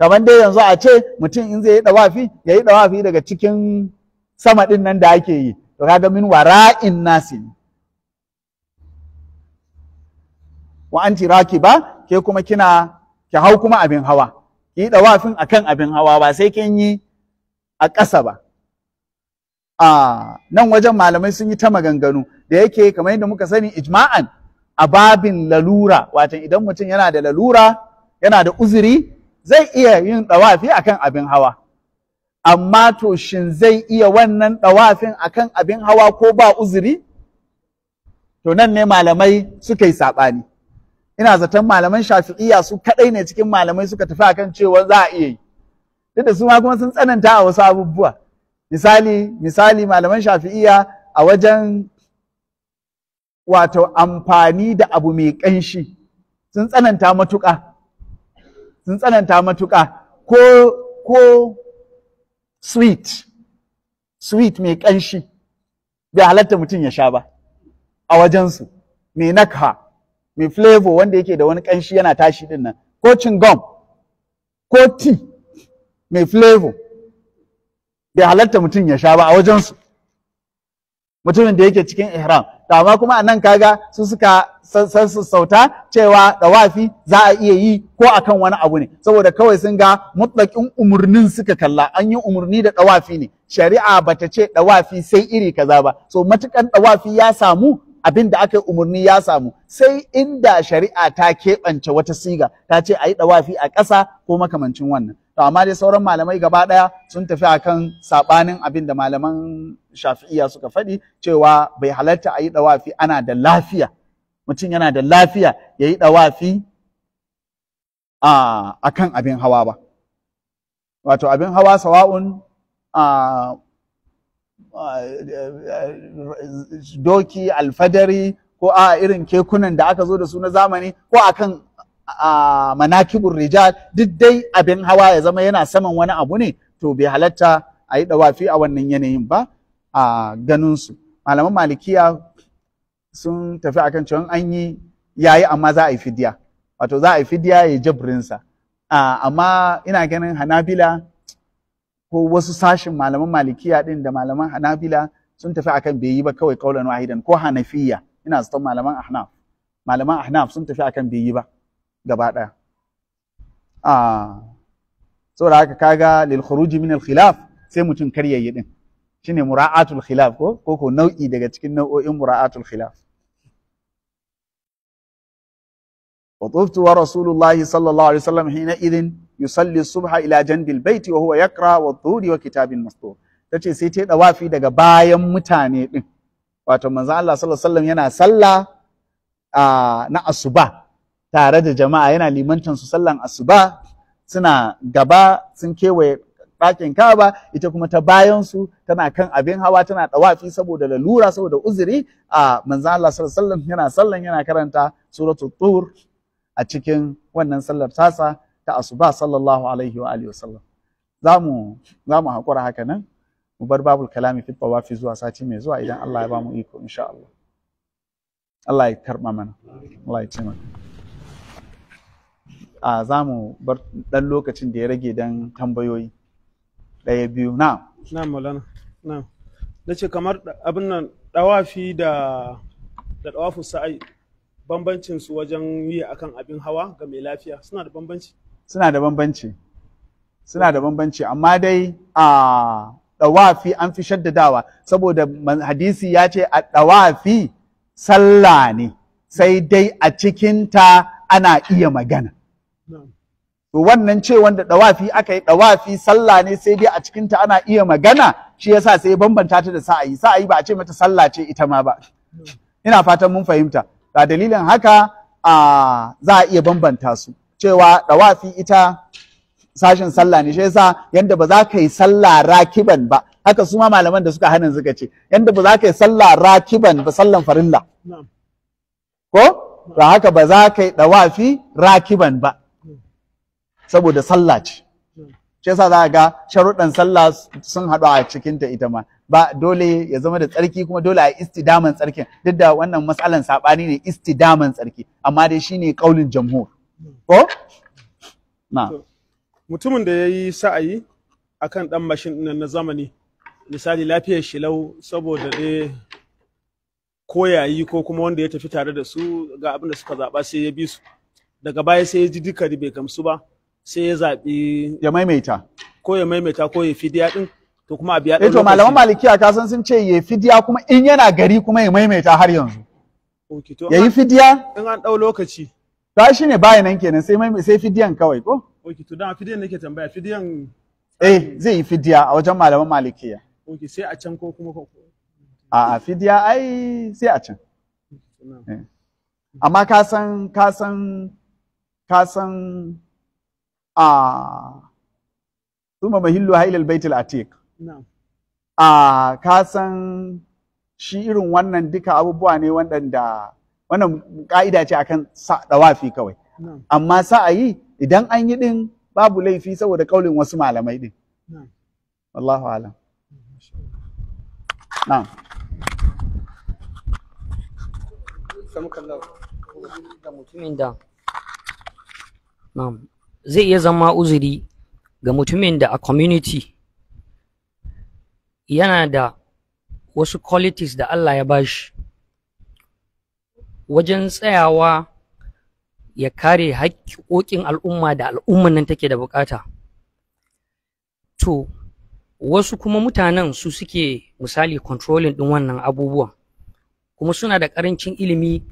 kamar dai yanzu a ce mutum in zai yi wafi yayi yi ɗawafi daga cikin sama ɗin nan da ake yi to kaga min wara'in nasi wa anti rakiba ke kuma kina ki hau kuma abin hawa ki ɗawafin akan abin hawa ba sai kin yi a ƙasa ba a nan wajen malamai sun yi ta maganganu da yake kamar yadda muka sani ijma'an a babin lalura watan idan mutum yana da lalura yana da uzuri zai iya yin dawafi akan abin hawa amma to shin zai iya wannan dawafin akan abin hawa ko ba uzuri to nan ne malamai suka yi saɓani ina zaton malaman shafi'iyya su kadai ne cikin malamai suka tafi akan cewa za a iya yi duk da su ma kuma sun tsananta a wasu abubuwa misali misali malaman shafi'iyya a wajen wato amfani da abu mai ƙanshi sun tsananta matuƙa sun tsananta matuƙa ko ko sweet sweet mai ƙanshi bai halatta mutum ya sha ba a wajensu mai nakha mai flavor wanda yake da wani kanshi yana tashi din nan ko gum ko tea mai flavor bai halatta mutum ya sha ba a wajensu mutumin da yake cikin ihram to amma kuma a nan kaga su suka sauta cewa ɗawafi za a iya yi ko a kan wani abu ne saboda kawai sun ga mutlakin umarnin suka kalla an yi umurni da ɗawafi ne shari'a bata ce ɗawafi sai iri kaza ba so matukan ɗawafi ya samu abin da aka yi umarni ya samu sai inda shari'a ta keɓance wata siga ta ce a yi ɗawafi a ƙasa ko makamancin wannan to amma dai sauran malamai gaba ɗaya sun tafi akan saɓanin abin da malaman shafi'iya suka faɗi cewa bai halarta a yi ɗawafi ana da lafiya mutum yana da lafiya ya yi ɗawafi a kan abin hawa ba wato abin hawa sawa'un doki alfadari ko a irin kekunan da aka zo da su na zamani ko akan manakibun rijal duk dai abin hawa ya zama yana saman wani abu ne to bai halatta a yi dawafi a wannan yanayin ba a ganinsu malaman malikiya sun tafi akan cewa an yi yayi amma za a yi fidiya wato za a yi fidiya ya jabrinsa amma ina ganin hanabila ko wasu sashin malaman malikiya ɗin da malaman hanabila sun tafi akan bai yi ba kawai kaulan wahidan ko hanafiya ina zaton malaman ahnaf malaman ahnaf sun tafi akan bai yi ba gaba daya ah, saboda haka kaga lil khuruji min al khilaf sai mutum karyayi din shine mura'atul khilaf ko ko ko nau'i daga cikin nau'o'in mura'atul khilaf wa tuftu rasulullahi sallallahu alaihi wasallam hina idin yusalli subha ila jandil baiti wa huwa yaqra wa dhuri wa kitabin mastur tace sai ta dawafi daga bayan mutane din wato manzo Allah sallallahu alaihi wasallam yana salla na asuba tare da jama'a yana limantan su sallan asuba suna gaba sun kewaye ɗakin kaba. ita kuma ta bayan su tana kan abin hawa tana dawafi saboda lalura saboda uzuri a manzo Allah sallallahu alaihi wasallam yana sallan yana karanta suratul tur a cikin wannan sallar tasa ta ba sallallahu alaihi wa alihi wasallam sallam. zamu za mu hakura haka nan mu bar babul kalami fi zuwa sati mai zuwa idan Allah ya ba mu iko insha Allah Allah ya karba mana Allah ya mana a za mu bar dan lokacin da ya rage dan tambayoyi ɗaya biyu na na maulana na nace ce kamar abin nan dawafi da da dawafu sa'i bambancin su wajen yi akan abin hawa ga mai lafiya suna da bambanci suna da bambanci suna da bambanci amma dai a ɗawafi an fi shaddadawa saboda hadisi ya ce a ɗawafi sallah ne sai dai a cikinta ana iya magana to wannan ce wanda ɗawafi aka yi ɗawafi sallah ne sai dai a cikinta ana iya magana shi yasa sai bambanta ta da sa'ayi sa'ayi ba a ce mata sallah ce ita ma ba ina fatan mun fahimta ga dalilin haka a za a iya bambanta su cewa dawafi ita sashin sallah ne shi yanda ba za ka yi sallah rakiban ba haka su ma malaman da suka hanin suka ce yanda ba za ka yi sallah rakiban ba sallan farilla ko ba haka ba za ka yi dawafi rakiban ba saboda sallah ce shi yasa za ga sharuɗan sallah sun haɗu a cikin ta ita ma ba dole ya zama da tsarki kuma dole a istidaman tsarkin duk da wannan matsalan saɓani ne istidaman tsarki amma dai shine kaulin jamhur ko na mutumin da yayi sa'ayi akan dan mashin din na zamani misali lafiyar shilau saboda dai ko yayi ko kuma wanda ya tafi tare da su ga abin da suka zaba sai ya bi su daga baya sai ya ji duka bai gamsu ba sai ya zaɓi ya maimaita ko ya maimaita ko ya fidiya din to kuma abiya ɗin eh, to malaman malikiya ka san sun ce ya fidiya kuma in yana gari kuma ya maimaita har yanzu ya yi fidiya in an ɗau lokaci ta shi ne bayan nan kenan sai mai sai fidiyan kawai ko okay to dan fidiyan nake tambaya fidiyan eh zai yi fidiya a wajen malaman malikiya okay sai a can ko kuma ko a a fidiya ai sai a can eh. amma ka san ka san ka san a thumma mahillu hailal baitul atiq na'am a ka san shi irin wannan duka abubuwa ne wanda wannan ka'ida ce akan dawafi kawai amma yi idan an yi din babu laifi saboda kaulin wasu malamai din wallahu alam na'am zai iya zama uzuri ga mutumin da a community yana da wasu qualities da Allah ya bashi wajen tsayawa ya kare haƙƙoƙin al'umma da al'umman nan take da bukata to wasu kuma mutanen su suke misali controlling din wannan abubuwan kuma suna da ƙarancin ilimi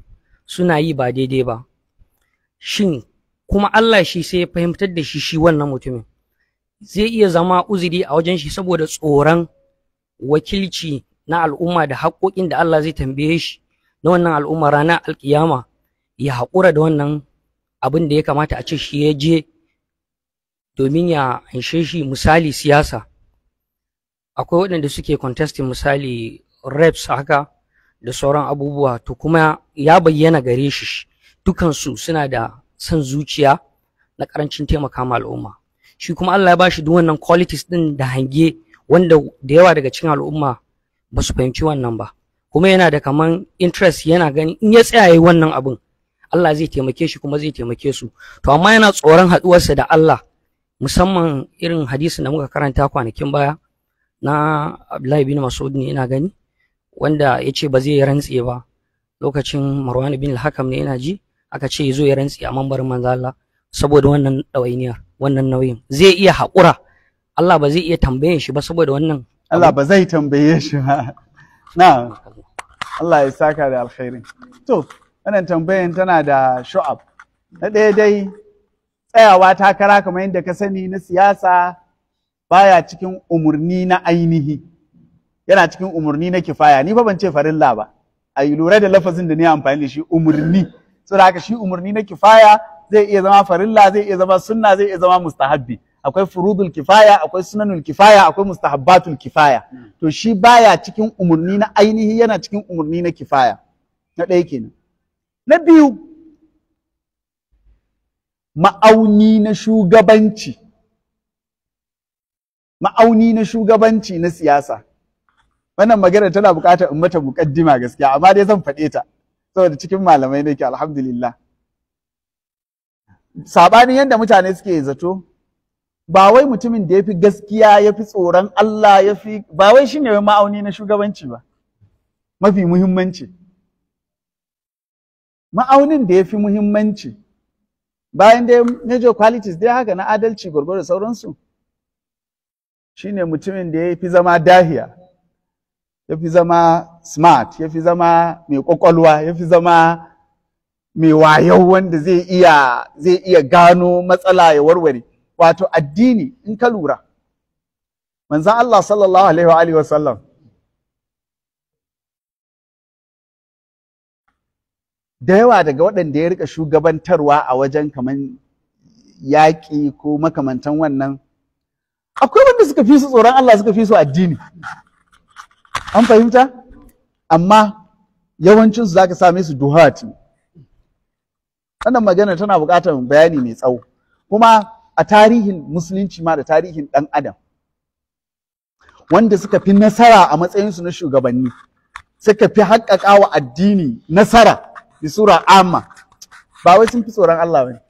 suna yi ba daidai ba shin kuma Allah shi sai ya fahimtar da shi shi wannan mutumin zai iya zama uzuri a wajen shi saboda tsoron wakilci na al'umma da haƙƙoƙin da Allah zai tambaye shi na wannan al'umma rana alkiyama ya haƙura da wannan abin da ya kamata a ce shi ya je domin ya anshe shi misali siyasa akwai waɗanda suke kontestin misali reps haka da sauran abubuwa to kuma ya bayyana gare shi dukansu suna da son zuciya na ƙarancin taimaka ma al'umma shi kuma Allah ya bashi duk wannan qualities din da hange wanda da yawa daga cikin al'umma ba su fahimci wannan ba kuma yana da kaman interest yana gani in ya tsaya yi wannan abun Allah zai taimake shi kuma zai taimake su to amma yana tsoron haduwarsa da Allah musamman irin hadisin da muka karanta kwanakin baya na Abdullahi bin Mas'ud ne ina gani wanda ya ce ba zai rantse ba lokacin Marwan bin al-Hakam ne ina ji aka ce zo ya rantse a mambarin manzo Allah saboda wannan dawainiyar wannan nauyin zai iya haƙura Allah ba zai iya tambayen shi ba saboda wannan Allah ba zai tambaye shi ba na'am Allah ya saka da alkhairi to wannan tambayan tana da shu'ab na ɗaya dai tsayawa takara kamar yadda ka sani na siyasa baya cikin umarni na ainihi yana cikin umarni na kifaya ni fa ban ce farilla ba a yi lura da lafazin da ni amfani da shi umurni saboda haka shi umarni na kifaya zai iya zama farilla zai iya zama sunna zai iya zama mustahabbi akwai furudul kifaya akwai sunanul kifaya akwai mustahabbatul kifaya to shi baya cikin umurni na ainihi yana cikin umurni na kifaya na ɗaya kenan na biyu ma'auni na shugabanci ma'auni na shugabanci na siyasa wannan magana tana buƙatar in mata muƙaddima gaskiya amma dai zan faɗe ta saboda cikin malamai nake alhamdulillah sabanin yadda mutane suke zato ba wai mutumin da ya fi gaskiya ya fi tsoron Allah ya fi ba wai shi ne ma'auni na shugabanci ba mafi muhimmanci ma'aunin da ya fi muhimmanci bayan dai major qualities dai haka na adalci gwargwaro sauransu shi ne mutumin da ya fi zama dahiya ya fi zama smart ya fi zama mai kwakwalwa ya fi zama mai wayo wanda zai iya gano matsala ya warware wato addini in ka lura manzan Allah sallallahu alaihi wa alihi da yawa daga waɗanda ya rika shugabantarwa a wajen kaman yaƙi ko makamantan wannan akwai wanda suka fi su tsoron Allah suka fi su addini an fahimta amma yawancinsu za ka same su duhati wannan magana tana buƙatar bayani mai tsawo kuma a tarihin musulunci ma da tarihin ɗan adam wanda suka fi nasara a matsayinsu na shugabanni suka fi haƙaƙa wa addini nasara bi sura amma ba wai sun fi tsoron Allah ba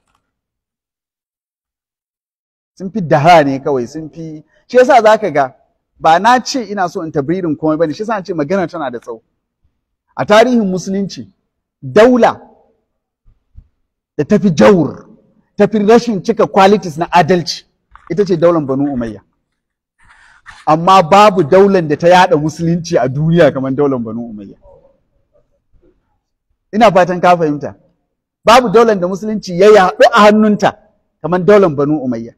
sun fi dahara ne kawai sun fi shi yasa ka ga ba na ce ina so in tabririn komai ne. shi yasa ce magana tana da tsawo a tarihin musulunci daula da ta fi jawur tafi rashin cika kwalitis na adalci ita ce daular banu umayya amma babu daular da ta yada musulunci a duniya kamar daular banu umayya ina fatan ka fahimta babu daular da musulunci ya haɗu a hannunta kamar daular banu umayya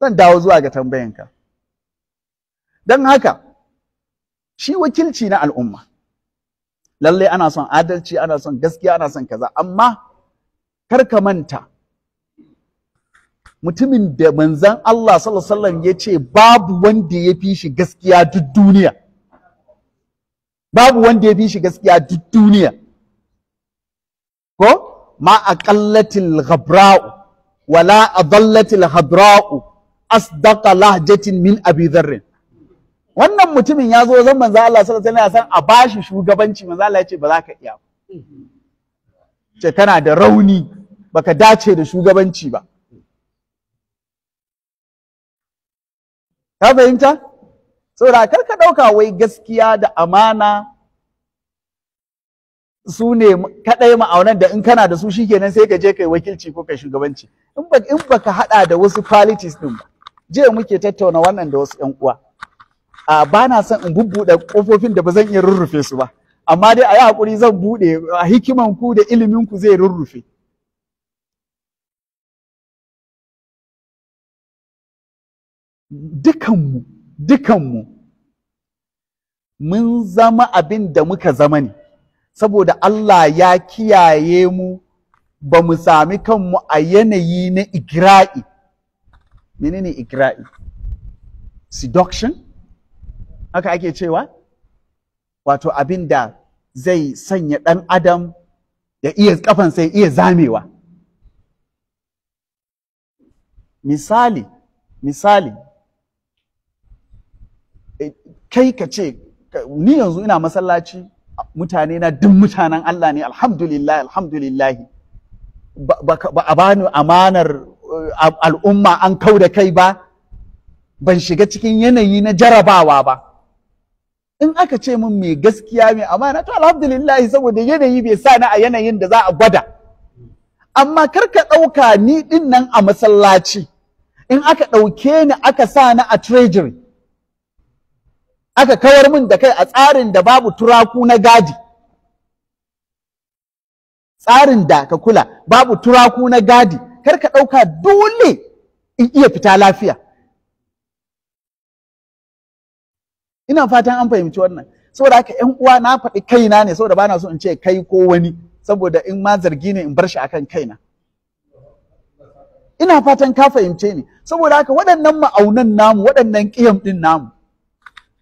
zan dawo zuwa ga tambayanka don haka shi wakilci na al'umma Lallai ana son adalci ana son gaskiya ana son kaza amma kar ka manta mutumin da manzan Allah sallallahu ya ce babu wanda ya fi shi gaskiya duk duniya babu wanda ya fi shi gaskiya duk duniya ko ma aqallatil ghabra'u wala adallatil habra'u asdaqa lahjatin min abi dharr wannan mutumin ya zo zan Manzan Allah sallallahu alaihi wasallam a bashi shugabanci manzo Allah ya ce ba za ka iya ce kana da rauni baka dace da shugabanci ba ka fahimta saboda kar ka ɗauka wai gaskiya da amana su ne kaɗai ma'aunan da in kana da su shi kenan sai ka je kai wakilci ko kai shugabanci in ba in baka haɗa da wasu qualities ɗin ba je muke tattauna wannan da wasu ƴan uwa a ba na son in bubbuɗe ƙofofin da ba zan iya rurrufe su ba amma dai a yi haƙuri zan buɗe a hikiman ku da ilimin ku zai rurrufe dukanmu dukanmu mun zama abin da muka zama ne saboda Allah ya kiyaye mu ba mu sami kanmu a yanayi na igra'i menene igra'i seduction haka ake cewa wato abin da zai sanya ɗan adam ya iya kafansa ya iya zamewa misali misali kai ka ce ni yanzu ina masallaci mutane na duk mutanen Allah ne alhamdulillah alhamdulillah ba a bani amanar eh, al'umma an kau da kai ba ban shiga cikin yanayi na jarabawa ba in aka ce min mai gaskiya mai amana to alhamdulillah saboda yanayi bai sa ni a yanayin da za a gwada amma kar ka ɗauka ni ɗin nan a masallaci in aka ɗauke ni aka sa ni a treasury aka kawar min da kai a tsarin da babu turaku na gadi tsarin da ka kula babu turaku na gadi kar ka ɗauka dole in iya fita lafiya ina fatan an fahimci wannan saboda haka ƴan uwa na faɗi kaina ne saboda bana so in ce kai ko wani saboda in ma zargi ne in bar shi akan kaina ina fatan ka fahimce ni saboda haka waɗannan ma'aunan namu waɗannan ƙiyam ɗin namu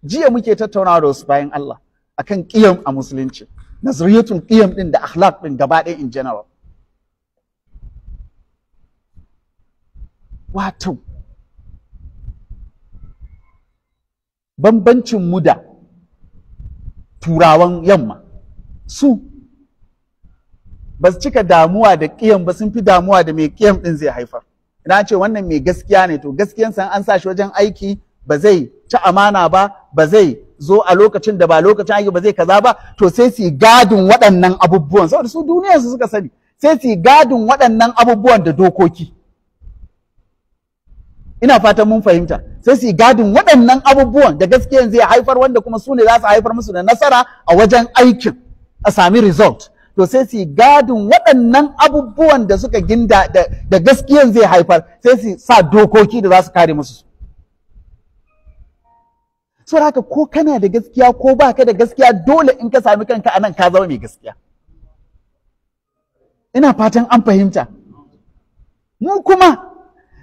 jiya muke tattaunawa da wasu bayan Allah akan ƙiyam a musulunci Nazariyatun ƙiyam ɗin da akhlaq ɗin gaba ɗaya in general wato bambancin mu da turawan yamma su ba su cika damuwa da ƙiyam ba sun fi damuwa da mai ƙiyam ɗin zai haifar ina ce wannan mai gaskiya ne to gaskiyan san an sa shi wajen aiki ba zai ci amana ba ba zai zo a lokacin da ba lokacin aiki ba zai kaza ba to sai su gadin waɗannan abubuwan saboda su duniyar su suka sani sai su gadin waɗannan abubuwan da dokoki ina fatan mun fahimta sai su gadin waɗannan abubuwan da gaskiya zai haifar wanda kuma su ne za su haifar musu da nasara a wajen aikin a sami result to sai su gadin waɗannan abubuwan da suka ginda da gaskiya zai haifar sai su sa dokoki da za su kare musu so haka ko kana da gaskiya ko ba ka da gaskiya dole in ka sami kanka anan ka zama mai gaskiya ina fatan an fahimta mu kuma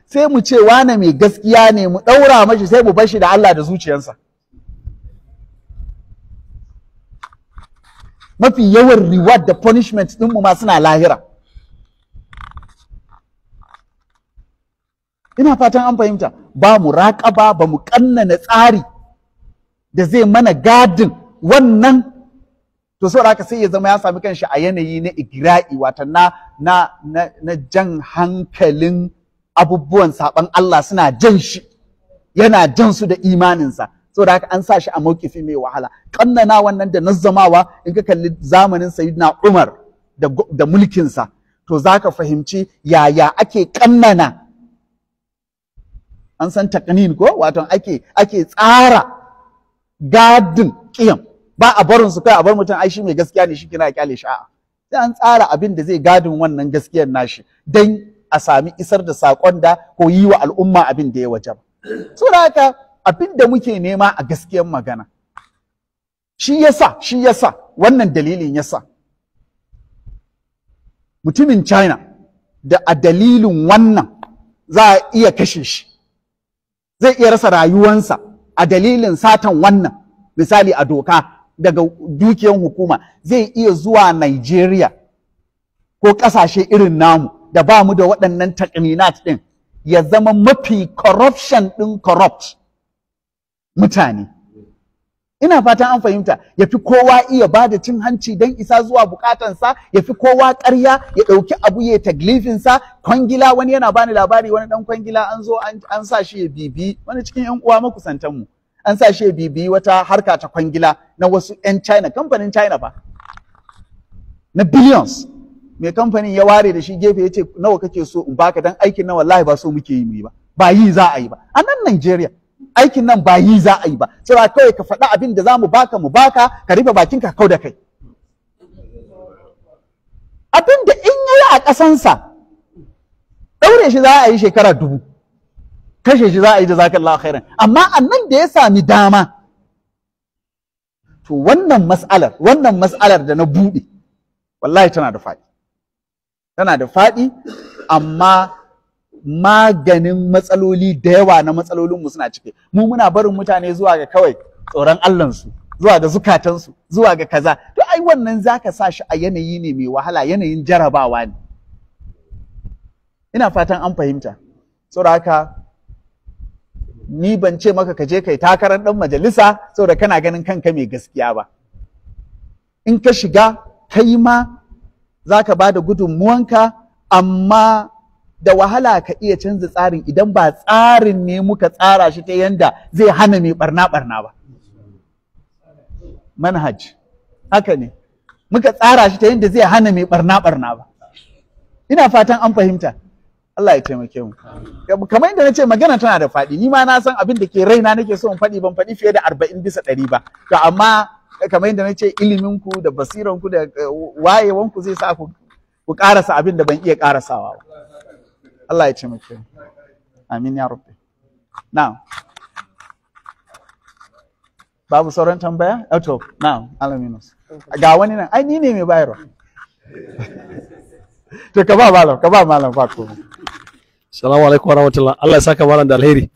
sai mu ce wane mai gaskiya ne mu ɗaura mashi sai mu bashi da Allah da zuciyarsa mafi yawan reward da punishment ɗinmu ma suna lahira ina fatan an fahimta ba mu raƙaba ba mu ƙannana tsari da zai mana gadin wannan to saboda haka sai ya zama ya sami kanshi a yanayi na igra'i wata na jan hankalin abubuwan saban Allah suna jan shi yana jan su da imaninsa saboda haka an sa shi a mawkifi mai wahala kannana wannan da nazzamawa in ka kalli zamanin sayyidina Umar da mulkinsa to zaka fahimci yaya ake kannana an san taqnin ko wato ake tsara gadin ƙiyam ba a barin su kai a bar mutum ai shi mai gaskiya ne shi kina kyale shi a'a sai an tsara abin da zai gadin wannan gaskiyar nashi dan a sami isar da sakon da ko yi wa al'umma abin da ya wajaba saboda haka abin da muke nema a gaskiyar magana shi yasa shi yasa wannan dalilin yasa mutumin China da a dalilin wannan za a iya kashe shi zai iya rasa rayuwansa a dalilin satan wannan misali a doka daga dukiyan hukuma zai iya zuwa Nigeria ko kasashe irin namu da ba mu da waɗannan takminat ɗin ya zama mafi corruption ɗin corrupt mutane ina fatan an fahimta ya fi kowa iya ba da cin hanci don isa zuwa bukatansa ya fi kowa karya ya ɗauki abu ya taglifinsa kwangila wani yana bani labari wani ɗan kwangila an zo an sa shi ya bibi wani cikin yan uwa makusantanmu an sa shi ya bibi wata harka ta kwangila na wasu yan china kamfanin china fa na billions mai kamfanin ya ware da shi gefe ya ce nawa kake so in baka dan aikin na wallahi ba so muke yi mu yi ba ba yi za a yi ba a nan Najeriya aikin nan ba yi za a yi ba cewa kawai ka faɗa abin da za mu baka mu baka ka rufe bakin ka kau da kai abin da in yi a ƙasansa ɗaure shi za a yi shekara dubu kashe shi za a yi da zakallahu khairan amma a nan da ya sami dama to wannan mas'alar wannan mas'alar da na buɗe wallahi tana da tana da faɗi amma maganin matsaloli da yawa na matsalolinmu suna ciki mu muna barin mutane zuwa ga kawai tsoron allansu zuwa ga zukatansu zuwa ga kaza to ai wannan zaka sa shi a yanayi ne mai wahala yanayin jarabawa ne ina fatan an fahimta saboda haka ni ban ce maka ka je kai takarar dan majalisa saboda kana ganin kanka mai gaskiya ba in ka shiga kai ma zaka bada gudunmuwanka amma da wahala ka iya canza tsarin idan ba tsarin ne muka tsara shi ta yanda zai hana mai barna barna ba manhaj haka ne muka tsara shi ta yanda zai hana mai barna barna ba ina fatan an fahimta Allah ya taimake mu kamar yadda nace magana tana da faɗi ni ma na san abin da ke raina nake so faɗi ban faɗi fiye da arba'in bisa ɗari ba to amma kamar yadda nace ilimin ku da basiran ku da eh, wayewan ku zai sa ku ƙarasa abin da ban iya ƙarasawa ba Allah ya ce mu amin ya rufe. now babu sauran tambaya eh to now alaminus ga wani nan ai ni ne mai bayarwa to ka ba malam ka ba malam ba ko Salamu alaikum wa warahmatullahi Allah ya saka malam da alheri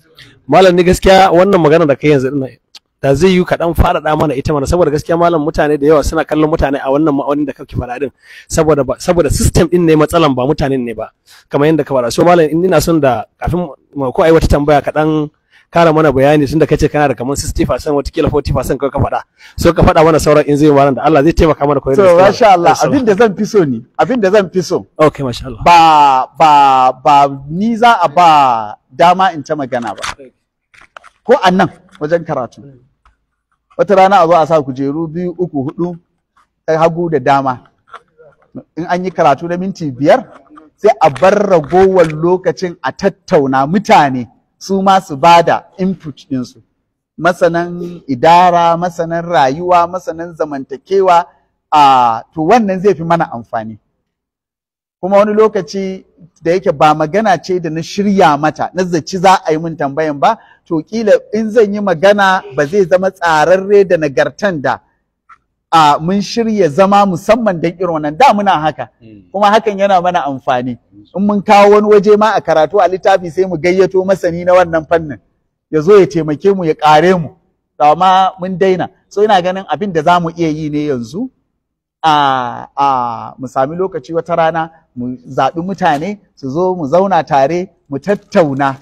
malam ni gaskiya wannan magana da kai yanzu ina da zai yi kaɗan faɗaɗa mana ita mana saboda gaskiya malam mutane da yawa suna kallon mutane a wannan ma'aunin da kake faɗa din saboda saboda system din ne matsalan ba mutanen ne ba kamar yadda ka faɗa so malam in ina son da kafin ko ai wata tambaya kaɗan kara mana bayani tunda kace kana da kamar 60% wata kila 40% kawai ka faɗa so ka faɗa mana sauran in zai malam da Allah zai taimaka mana koyar da so masha Allah abin da zan fi so ni abin da zan fi so okay masha Allah ba ba ba ni za a ba dama in ta magana ba ko annan wajen karatu wata rana a zo a sa kujeru biyu uku hudu hagu da dama in an yi karatu na minti biyar sai a bar ragowar lokacin a tattauna mutane su ma su ba da input ɗinsu masanan idara masanan rayuwa masanan zamantakewa a ah, to wannan zai fi mana amfani kuma wani lokaci da yake ba magana ce da na shirya mata na zaci za a yi min tambayan ba to kila in zan yi magana ba zai zama tsararre da nagartan da a mun shirya zama musamman don irin wannan da muna haka hmm. kuma hakan yana mana amfani in mun kawo wani waje ma a karatu a littafi sai mu gayyato masani na wannan fannin ya zo ya taimake mu ya kare mu amma mun daina so ina ganin abin da za mu iya yi ne yanzu a mu sami lokaci wata rana mu zaɓi mutane su zo mu zauna tare mu tattauna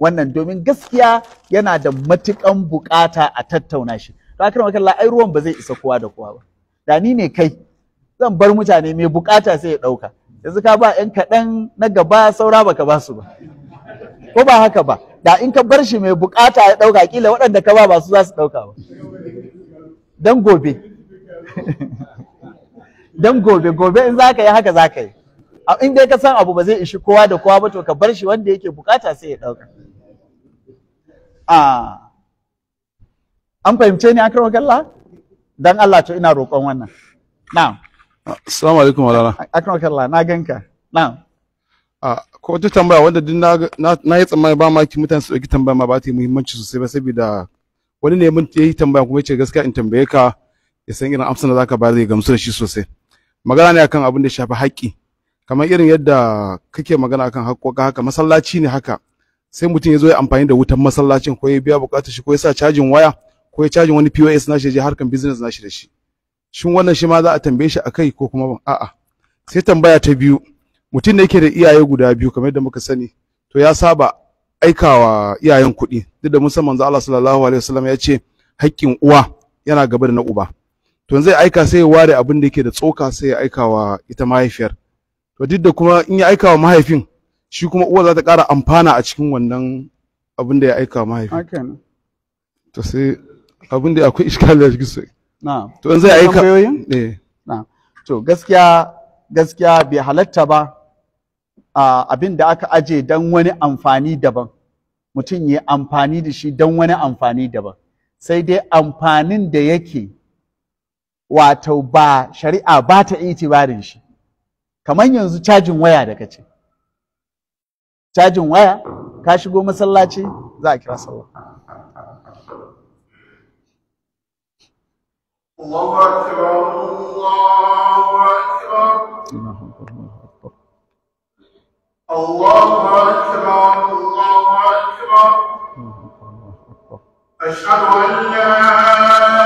wannan domin gaskiya yana da matukan buƙata a tattauna shi to akira makalla ai ruwan ba zai isa kowa da kowa ba da ni ne kai zan bar mutane mai buƙata sai ya ɗauka, yanzu ka ba yan kaɗan na gaba saura baka ba su ba ko ba haka ba da in ka bar shi mai buƙata ya dauka kila waɗanda ka ba ba su za su dauka ba dan gobe [LAUGHS] dan gobe gobe in zaka yi haka zaka yi in dai ka san abu ba zai ishi kowa da kowa ba to ka bar shi wanda yake bukata sai ya dauka a an fahimce ni akan wakalla dan Allah to ina roƙon wannan na'am assalamu alaikum walala akan wakalla na ganka na'am a ko wata tambaya wanda duk na yi tsammani ba ma ki mutane su ɗauki tambaya ma ba ta yi muhimmanci sosai ba saboda wani ne mun yi tambaya kuma ya ce gaskiya in tambaye ka ya san irin amsar da zaka ba zai gamsu da shi sosai magana ne akan abin da shafi haƙƙi kamar irin yadda kake magana akan haƙƙoƙa haka masallaci ne haka sai mutum ya zo ya amfani da wutan masallacin ko ya biya buƙatar shi ko ya sa cajin waya ko ya cajin wani POS nashi je harkan business shi da shi shin wannan shi ma za a tambaye shi akai ko kuma a'a sai tambaya ta biyu mutum ne yake da iyaye guda biyu kamar yadda muka sani to ya saba aikawa iyayen kuɗi duk da musamman Allah sallallahu alaihi wasallam ya ce haƙƙin uwa yana gaba da na uba to zai aika sai ya ware abin da yake da tsoka sai ya aika wa ita mahaifiyar to duk da kuma in ya aika wa mahaifin shi kuma uwa za ta ƙara amfana a cikin wannan abin da ya aika wa mahaifin to sai abin da akwai iskali a cikin sai to zai aika eh to gaskiya gaskiya bai halatta ba abin da aka aje don wani amfani daban mutum ya amfani da shi don wani amfani daban sai dai amfanin da yake wato ba shari'a ba ta itibarin shi kamar yanzu cajin waya daga kace cajin waya ka shigo masallaci za a kira sallah Allahu akbar Allahu akbar Allahu akbar Allahu akbar Ashhadu an la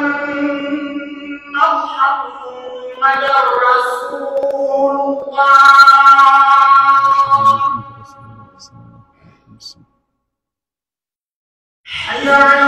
Allah. Allah.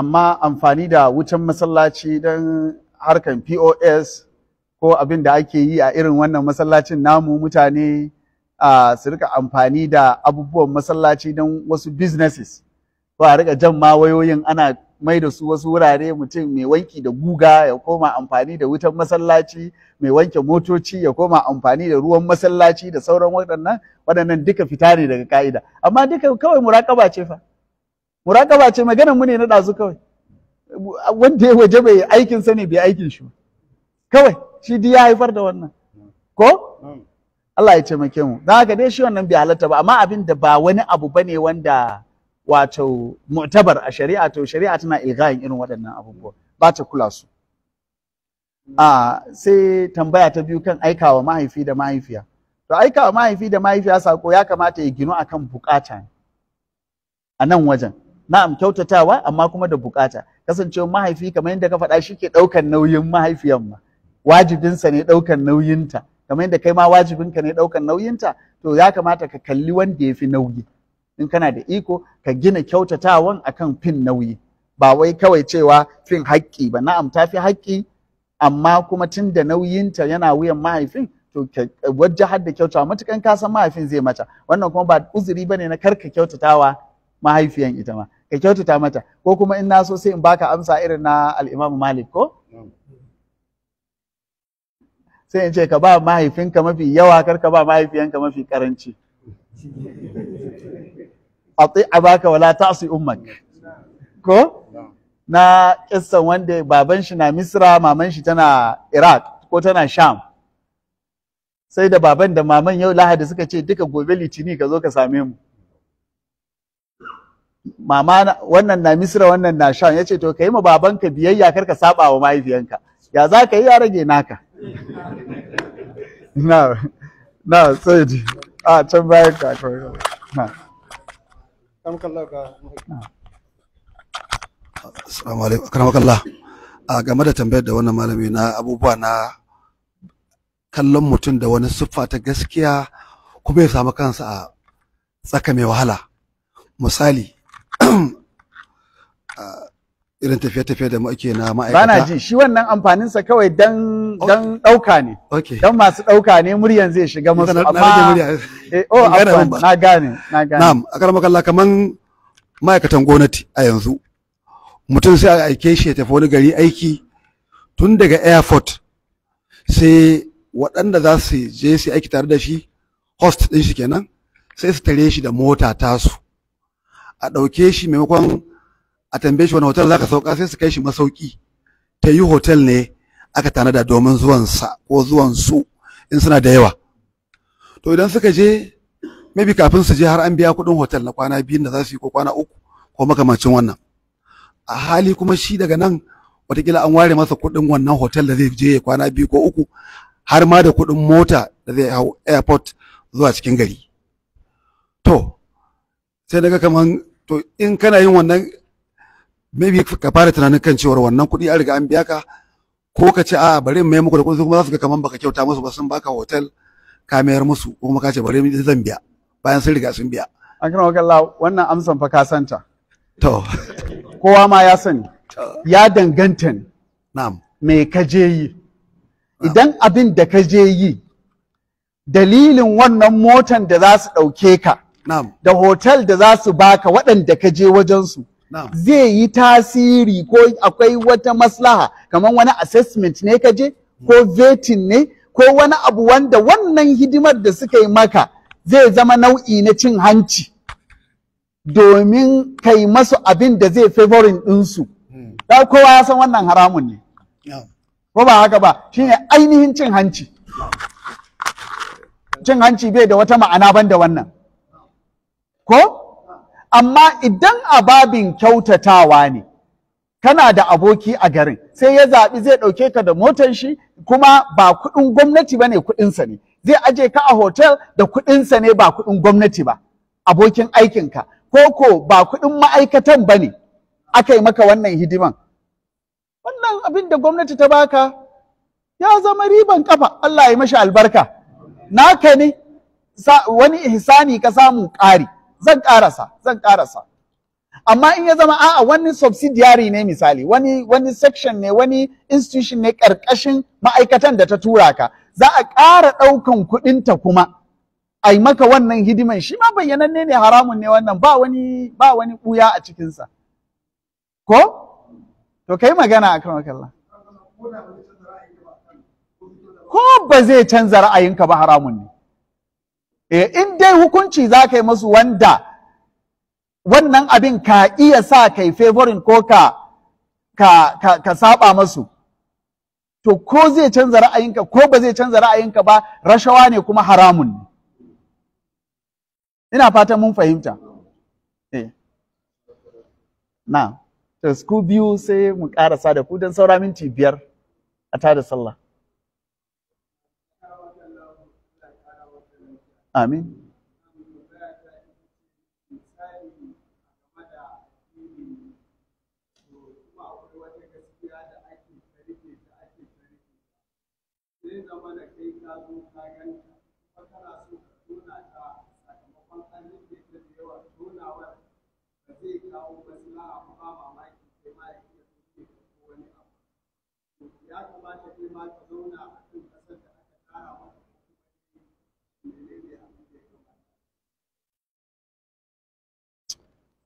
amma amfani da wutan masallaci don harkar pos ko abin da ake yi a irin wannan masallacin namu mutane a su rika amfani da abubuwan masallaci don wasu businesses ko a rika jan ma wayoyin ana mai da su wasu wurare mutum mai wanki da guga ya koma amfani da wutan masallaci mai wanke motoci ya koma amfani da ruwan masallaci da sauran waɗannan waɗannan duka fita ne daga ka'ida amma duka kawai murakaba ce fa muraƙaba ce maganar mu ne na ɗazu kawai wanda ya waje bai aikin sa ne bai aikin shi kawai shi di ya haifar da wannan ko Allah ya taimake mu don haka dai shi wannan bai halatta ba amma abin da ba wani abu bane wanda wato mu'tabar a shari'a to shari'a tana ilgayin irin waɗannan abubuwa ba ta kula su a sai tambaya ta biyu kan aikawa mahaifi da mahaifiya to aikawa mahaifi da mahaifiya sako ya kamata ya ginu akan bukata a nan wajen na'am kyautatawa amma kuma da bukata kasance mahaifi kamar yadda ka faɗa shi ke ɗaukan nauyin mahaifiyan ma wajibinsa ne ɗaukan nauyinta kamar yadda kai ma wajibinka ne ɗaukan nauyinta to ya kamata ka kalli wanda ya fi nauyi in kana da iko ka gina kyautatawan akan fin nauyi ba wai kawai cewa fin haƙƙi ba na'am ta fi haƙƙi amma kuma tun da nauyinta yana wuyan mahaifin to wajahar da kyautawa matukan kasan mahaifin zai mata wannan kuma ba uzuri bane na karka kyautatawa mahaifiyan ita ma ka kyautata mata ko kuma in na so sai in baka amsa irin na al'imamu malik ko sai in ce ka ba mahaifinka mafi yawa kar ka ba mahaifiyanka mafi karanci a baka wala su ummak ko na kissan wanda baban shi na misra maman shi tana iraq ko tana sham sai da baban da maman yau lahadi suka ce duka gobe litini ka zo ka same mu mama wannan na misira wannan na shan ya ce to ka yi ma babanka biyayya kar ka saba wa mahaifiyanka ya za ka yi ya rage naka [LAUGHS] na na sai a can bayan ka kawai na Assalamu alaikum a game da tambayar da wannan malami na abubuwa na kallon mutum da wani siffa ta gaskiya kuma ya samu kansa a tsaka mai wahala misali Uh, irin tafiye-tafiye da muke na ma'aikata. Bana ji shi wannan amfanin sa kawai dan oh. dan dauka ne. Dan masu dauka ne muryan zai shiga musu amma eh oh na gane na gane. Na'am karamar makalla kaman ma'aikatan gwamnati a yanzu mutum sai a aike shi ya tafi wani gari aiki tun daga airport sai waɗanda za su je su aiki tare da shi host ɗin shi kenan sai su tare shi da mota tasu. a ɗauke shi maimakon a tambaye shi wani hotel za ka sauka sai su kai shi masauki ta yi hotel ne aka tanada domin zuwansa ko zuwan su in suna da yawa to idan suka je maybe kafin su je har an biya kuɗin hotel na kwana biyu da za su yi ko kwana uku ko makamancin wannan a hali kuma shi daga nan watakila an ware masa kuɗin wannan hotel da zai je ya kwana biyu ko uku har ma da kuɗin mota da zai hau airport zuwa cikin gari to sai daga kaman to in kana yin wannan maybe ka fara tunanin kan cewar wannan kuɗi an riga an biya ka ko ka ce a'a bari in mai muku da kuɗi kuma za su ga kaman baka kyauta musu ba sun baka hotel ka mayar musu ko kuma ka ce bari zan biya bayan sun riga sun biya an kana wakalla wannan amsan fa ka santa to kowa ma ya sani ya danganta na'am me ka je yi idan abin da ka je yi dalilin wannan motan da za su ɗauke ka da hotel da za su baka waɗanda ka je wajensu zai yi tasiri ko akwai wata maslaha kamar wani assessment ne ka je ko hmm. vetin ne ko wani abu wanda wannan hidimar da suka yi maka zai zama nau'i na cin hanci domin kai masu abin da zai favorin ɗinsu da hmm. kowa ya san wannan haramun ne ko ba haka ba shine ainihin cin hanci cin hanci bai da wata ma'ana ban da wannan ko amma idan ababin kyautatawa ne kana da aboki a garin sai ya zaɓi zai ɗauke ka da motar shi kuma ba kuɗin gwamnati ba ne kuɗinsa ne zai aje ka a hotel da kuɗinsa ne ba kuɗin gwamnati ba abokin aikinka ko ko ba kuɗin ma'aikatan ba ne aka yi maka wannan hidiman wannan abin da gwamnati ta baka ya zama riban kafa Allah ya mashi albarka naka ne wani ihsani ka samu ƙari zan karasa zan karasa amma in ya zama a'a wani subsidiary ne misali wani wani section ne wani institution ne karkashin ma'aikatan da ta tura ka za a ƙara ɗaukan kuɗinta kuma a yi maka wannan hidiman shi ma bayyananne ne haramun ne wannan ba wani ba wani ɓuya a cikinsa ko to kai magana akan wakalla ko ba zai canza ra'ayinka ba haramun ne e in dai hukunci za ka yi masu wanda wannan abin ka iya sa ka yi favorin ko ka ka, ka, saba masu to ko zai canza ra'ayinka ko ba zai canza ra'ayinka ba rashawa ne kuma haramun ne ina fata mun fahimta eh na to biyu sai mu karasa da ku don saura minti biyar a tada sallah amin ya kamata ma zauna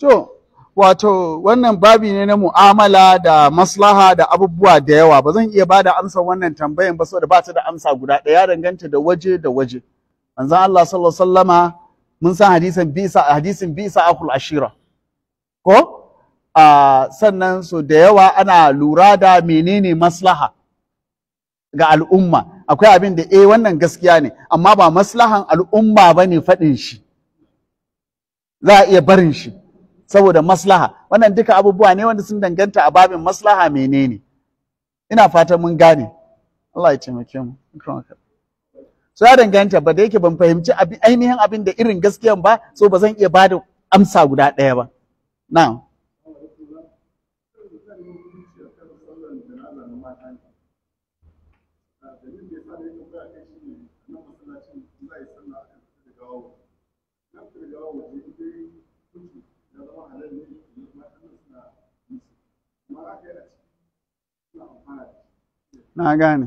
To, wato wannan babi ne na mu'amala da maslaha da abubuwa da yawa ba zan iya bada amsa wannan tambayan ba saboda ba ta da amsa guda ɗaya danganta da waje da waje manzon Allah sallallahu sallama mun san hadisin bisa hadisin bisa akul ashira ko a sannan so da yawa ana lura da menene maslaha ga al'umma akwai abin da eh wannan gaskiya ne amma ba maslahan al'umma bane faɗin shi za a iya barin shi saboda maslaha wannan duka abubuwa ne wanda sun danganta a babin maslaha menene ina fatan mun gane Allah ya taimake mu so ya danganta ba da yake ban fahimci ainihin abin da irin gaskiyan ba so ba zan iya bada amsa guda ɗaya ba na'am na gane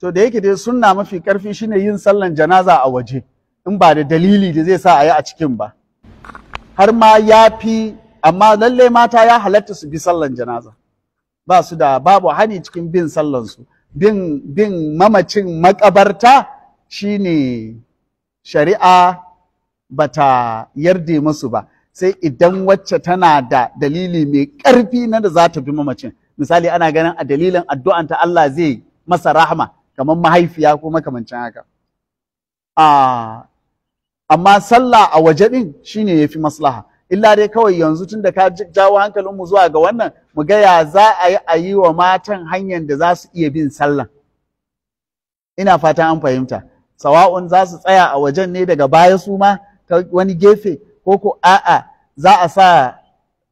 to da yake dai sunna mafi karfi shine yin sallan janaza a waje in ba da dalili da zai sa a yi a cikin ba har ma ya fi amma lalle mata ya halatta su bi sallan janaza ba su da babu hani cikin bin sallansu. bin bin mamacin makabarta shine shari'a bata yarde masu ba sai idan wacce tana da dalili mai ƙarfi na da za ta bi mamacin misali ana ganin a dalilin addu'an ta Allah zai masa Rahma kamar mahaifiya ko makamancin haka amma sallah a waje din shine yafi maslaha illa dai kawai yanzu tun da ka jawo hankalin mu zuwa ga wannan mu gaya za a yi a yi wa matan hanyar da za su iya bin sallah ina fatan an fahimta sawa'un za su tsaya a wajen ne daga baya su ma ta wani gefe ko ko a'a za a sa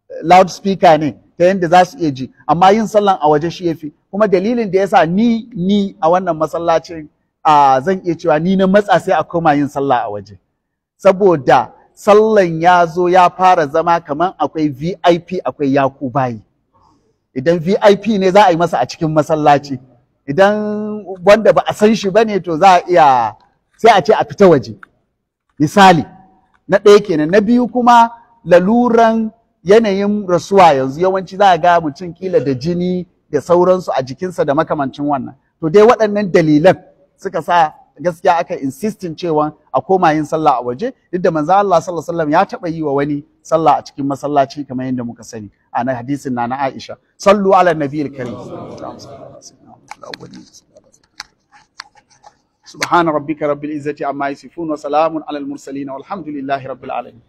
eh, loudspeaker ne ta yadda za su iya ji amma yin sallan a waje shi yafi kuma dalilin da yasa ni ni a wannan masallacin a zan iya cewa ni na matsa sai a koma yin sallah a waje saboda sallan ya zo ya fara zama kamar akwai VIP akwai yaku bayi idan VIP ne za a yi masa a cikin masallaci idan wanda ba a san shi ba ne to za a iya sai a ce a fita waje misali na ɗaya kenan na biyu kuma laluran yanayin rasuwa yanzu yawanci za a ga mutum kila da jini da sauransu a jikinsa da makamancin wannan to dai waɗannan dalilan suka sa gaskiya aka insistin cewa a koma yin sallah a waje duk da manzo Allah sallallahu alaihi ya taba yi wa wani sallah a cikin masallaci kamar yadda muka sani a nan hadisin na na Aisha sallu ala nabiyil karim subhana rabbika rabbil izzati amma yasifun wa salamun alal mursalin walhamdulillahi rabbil alamin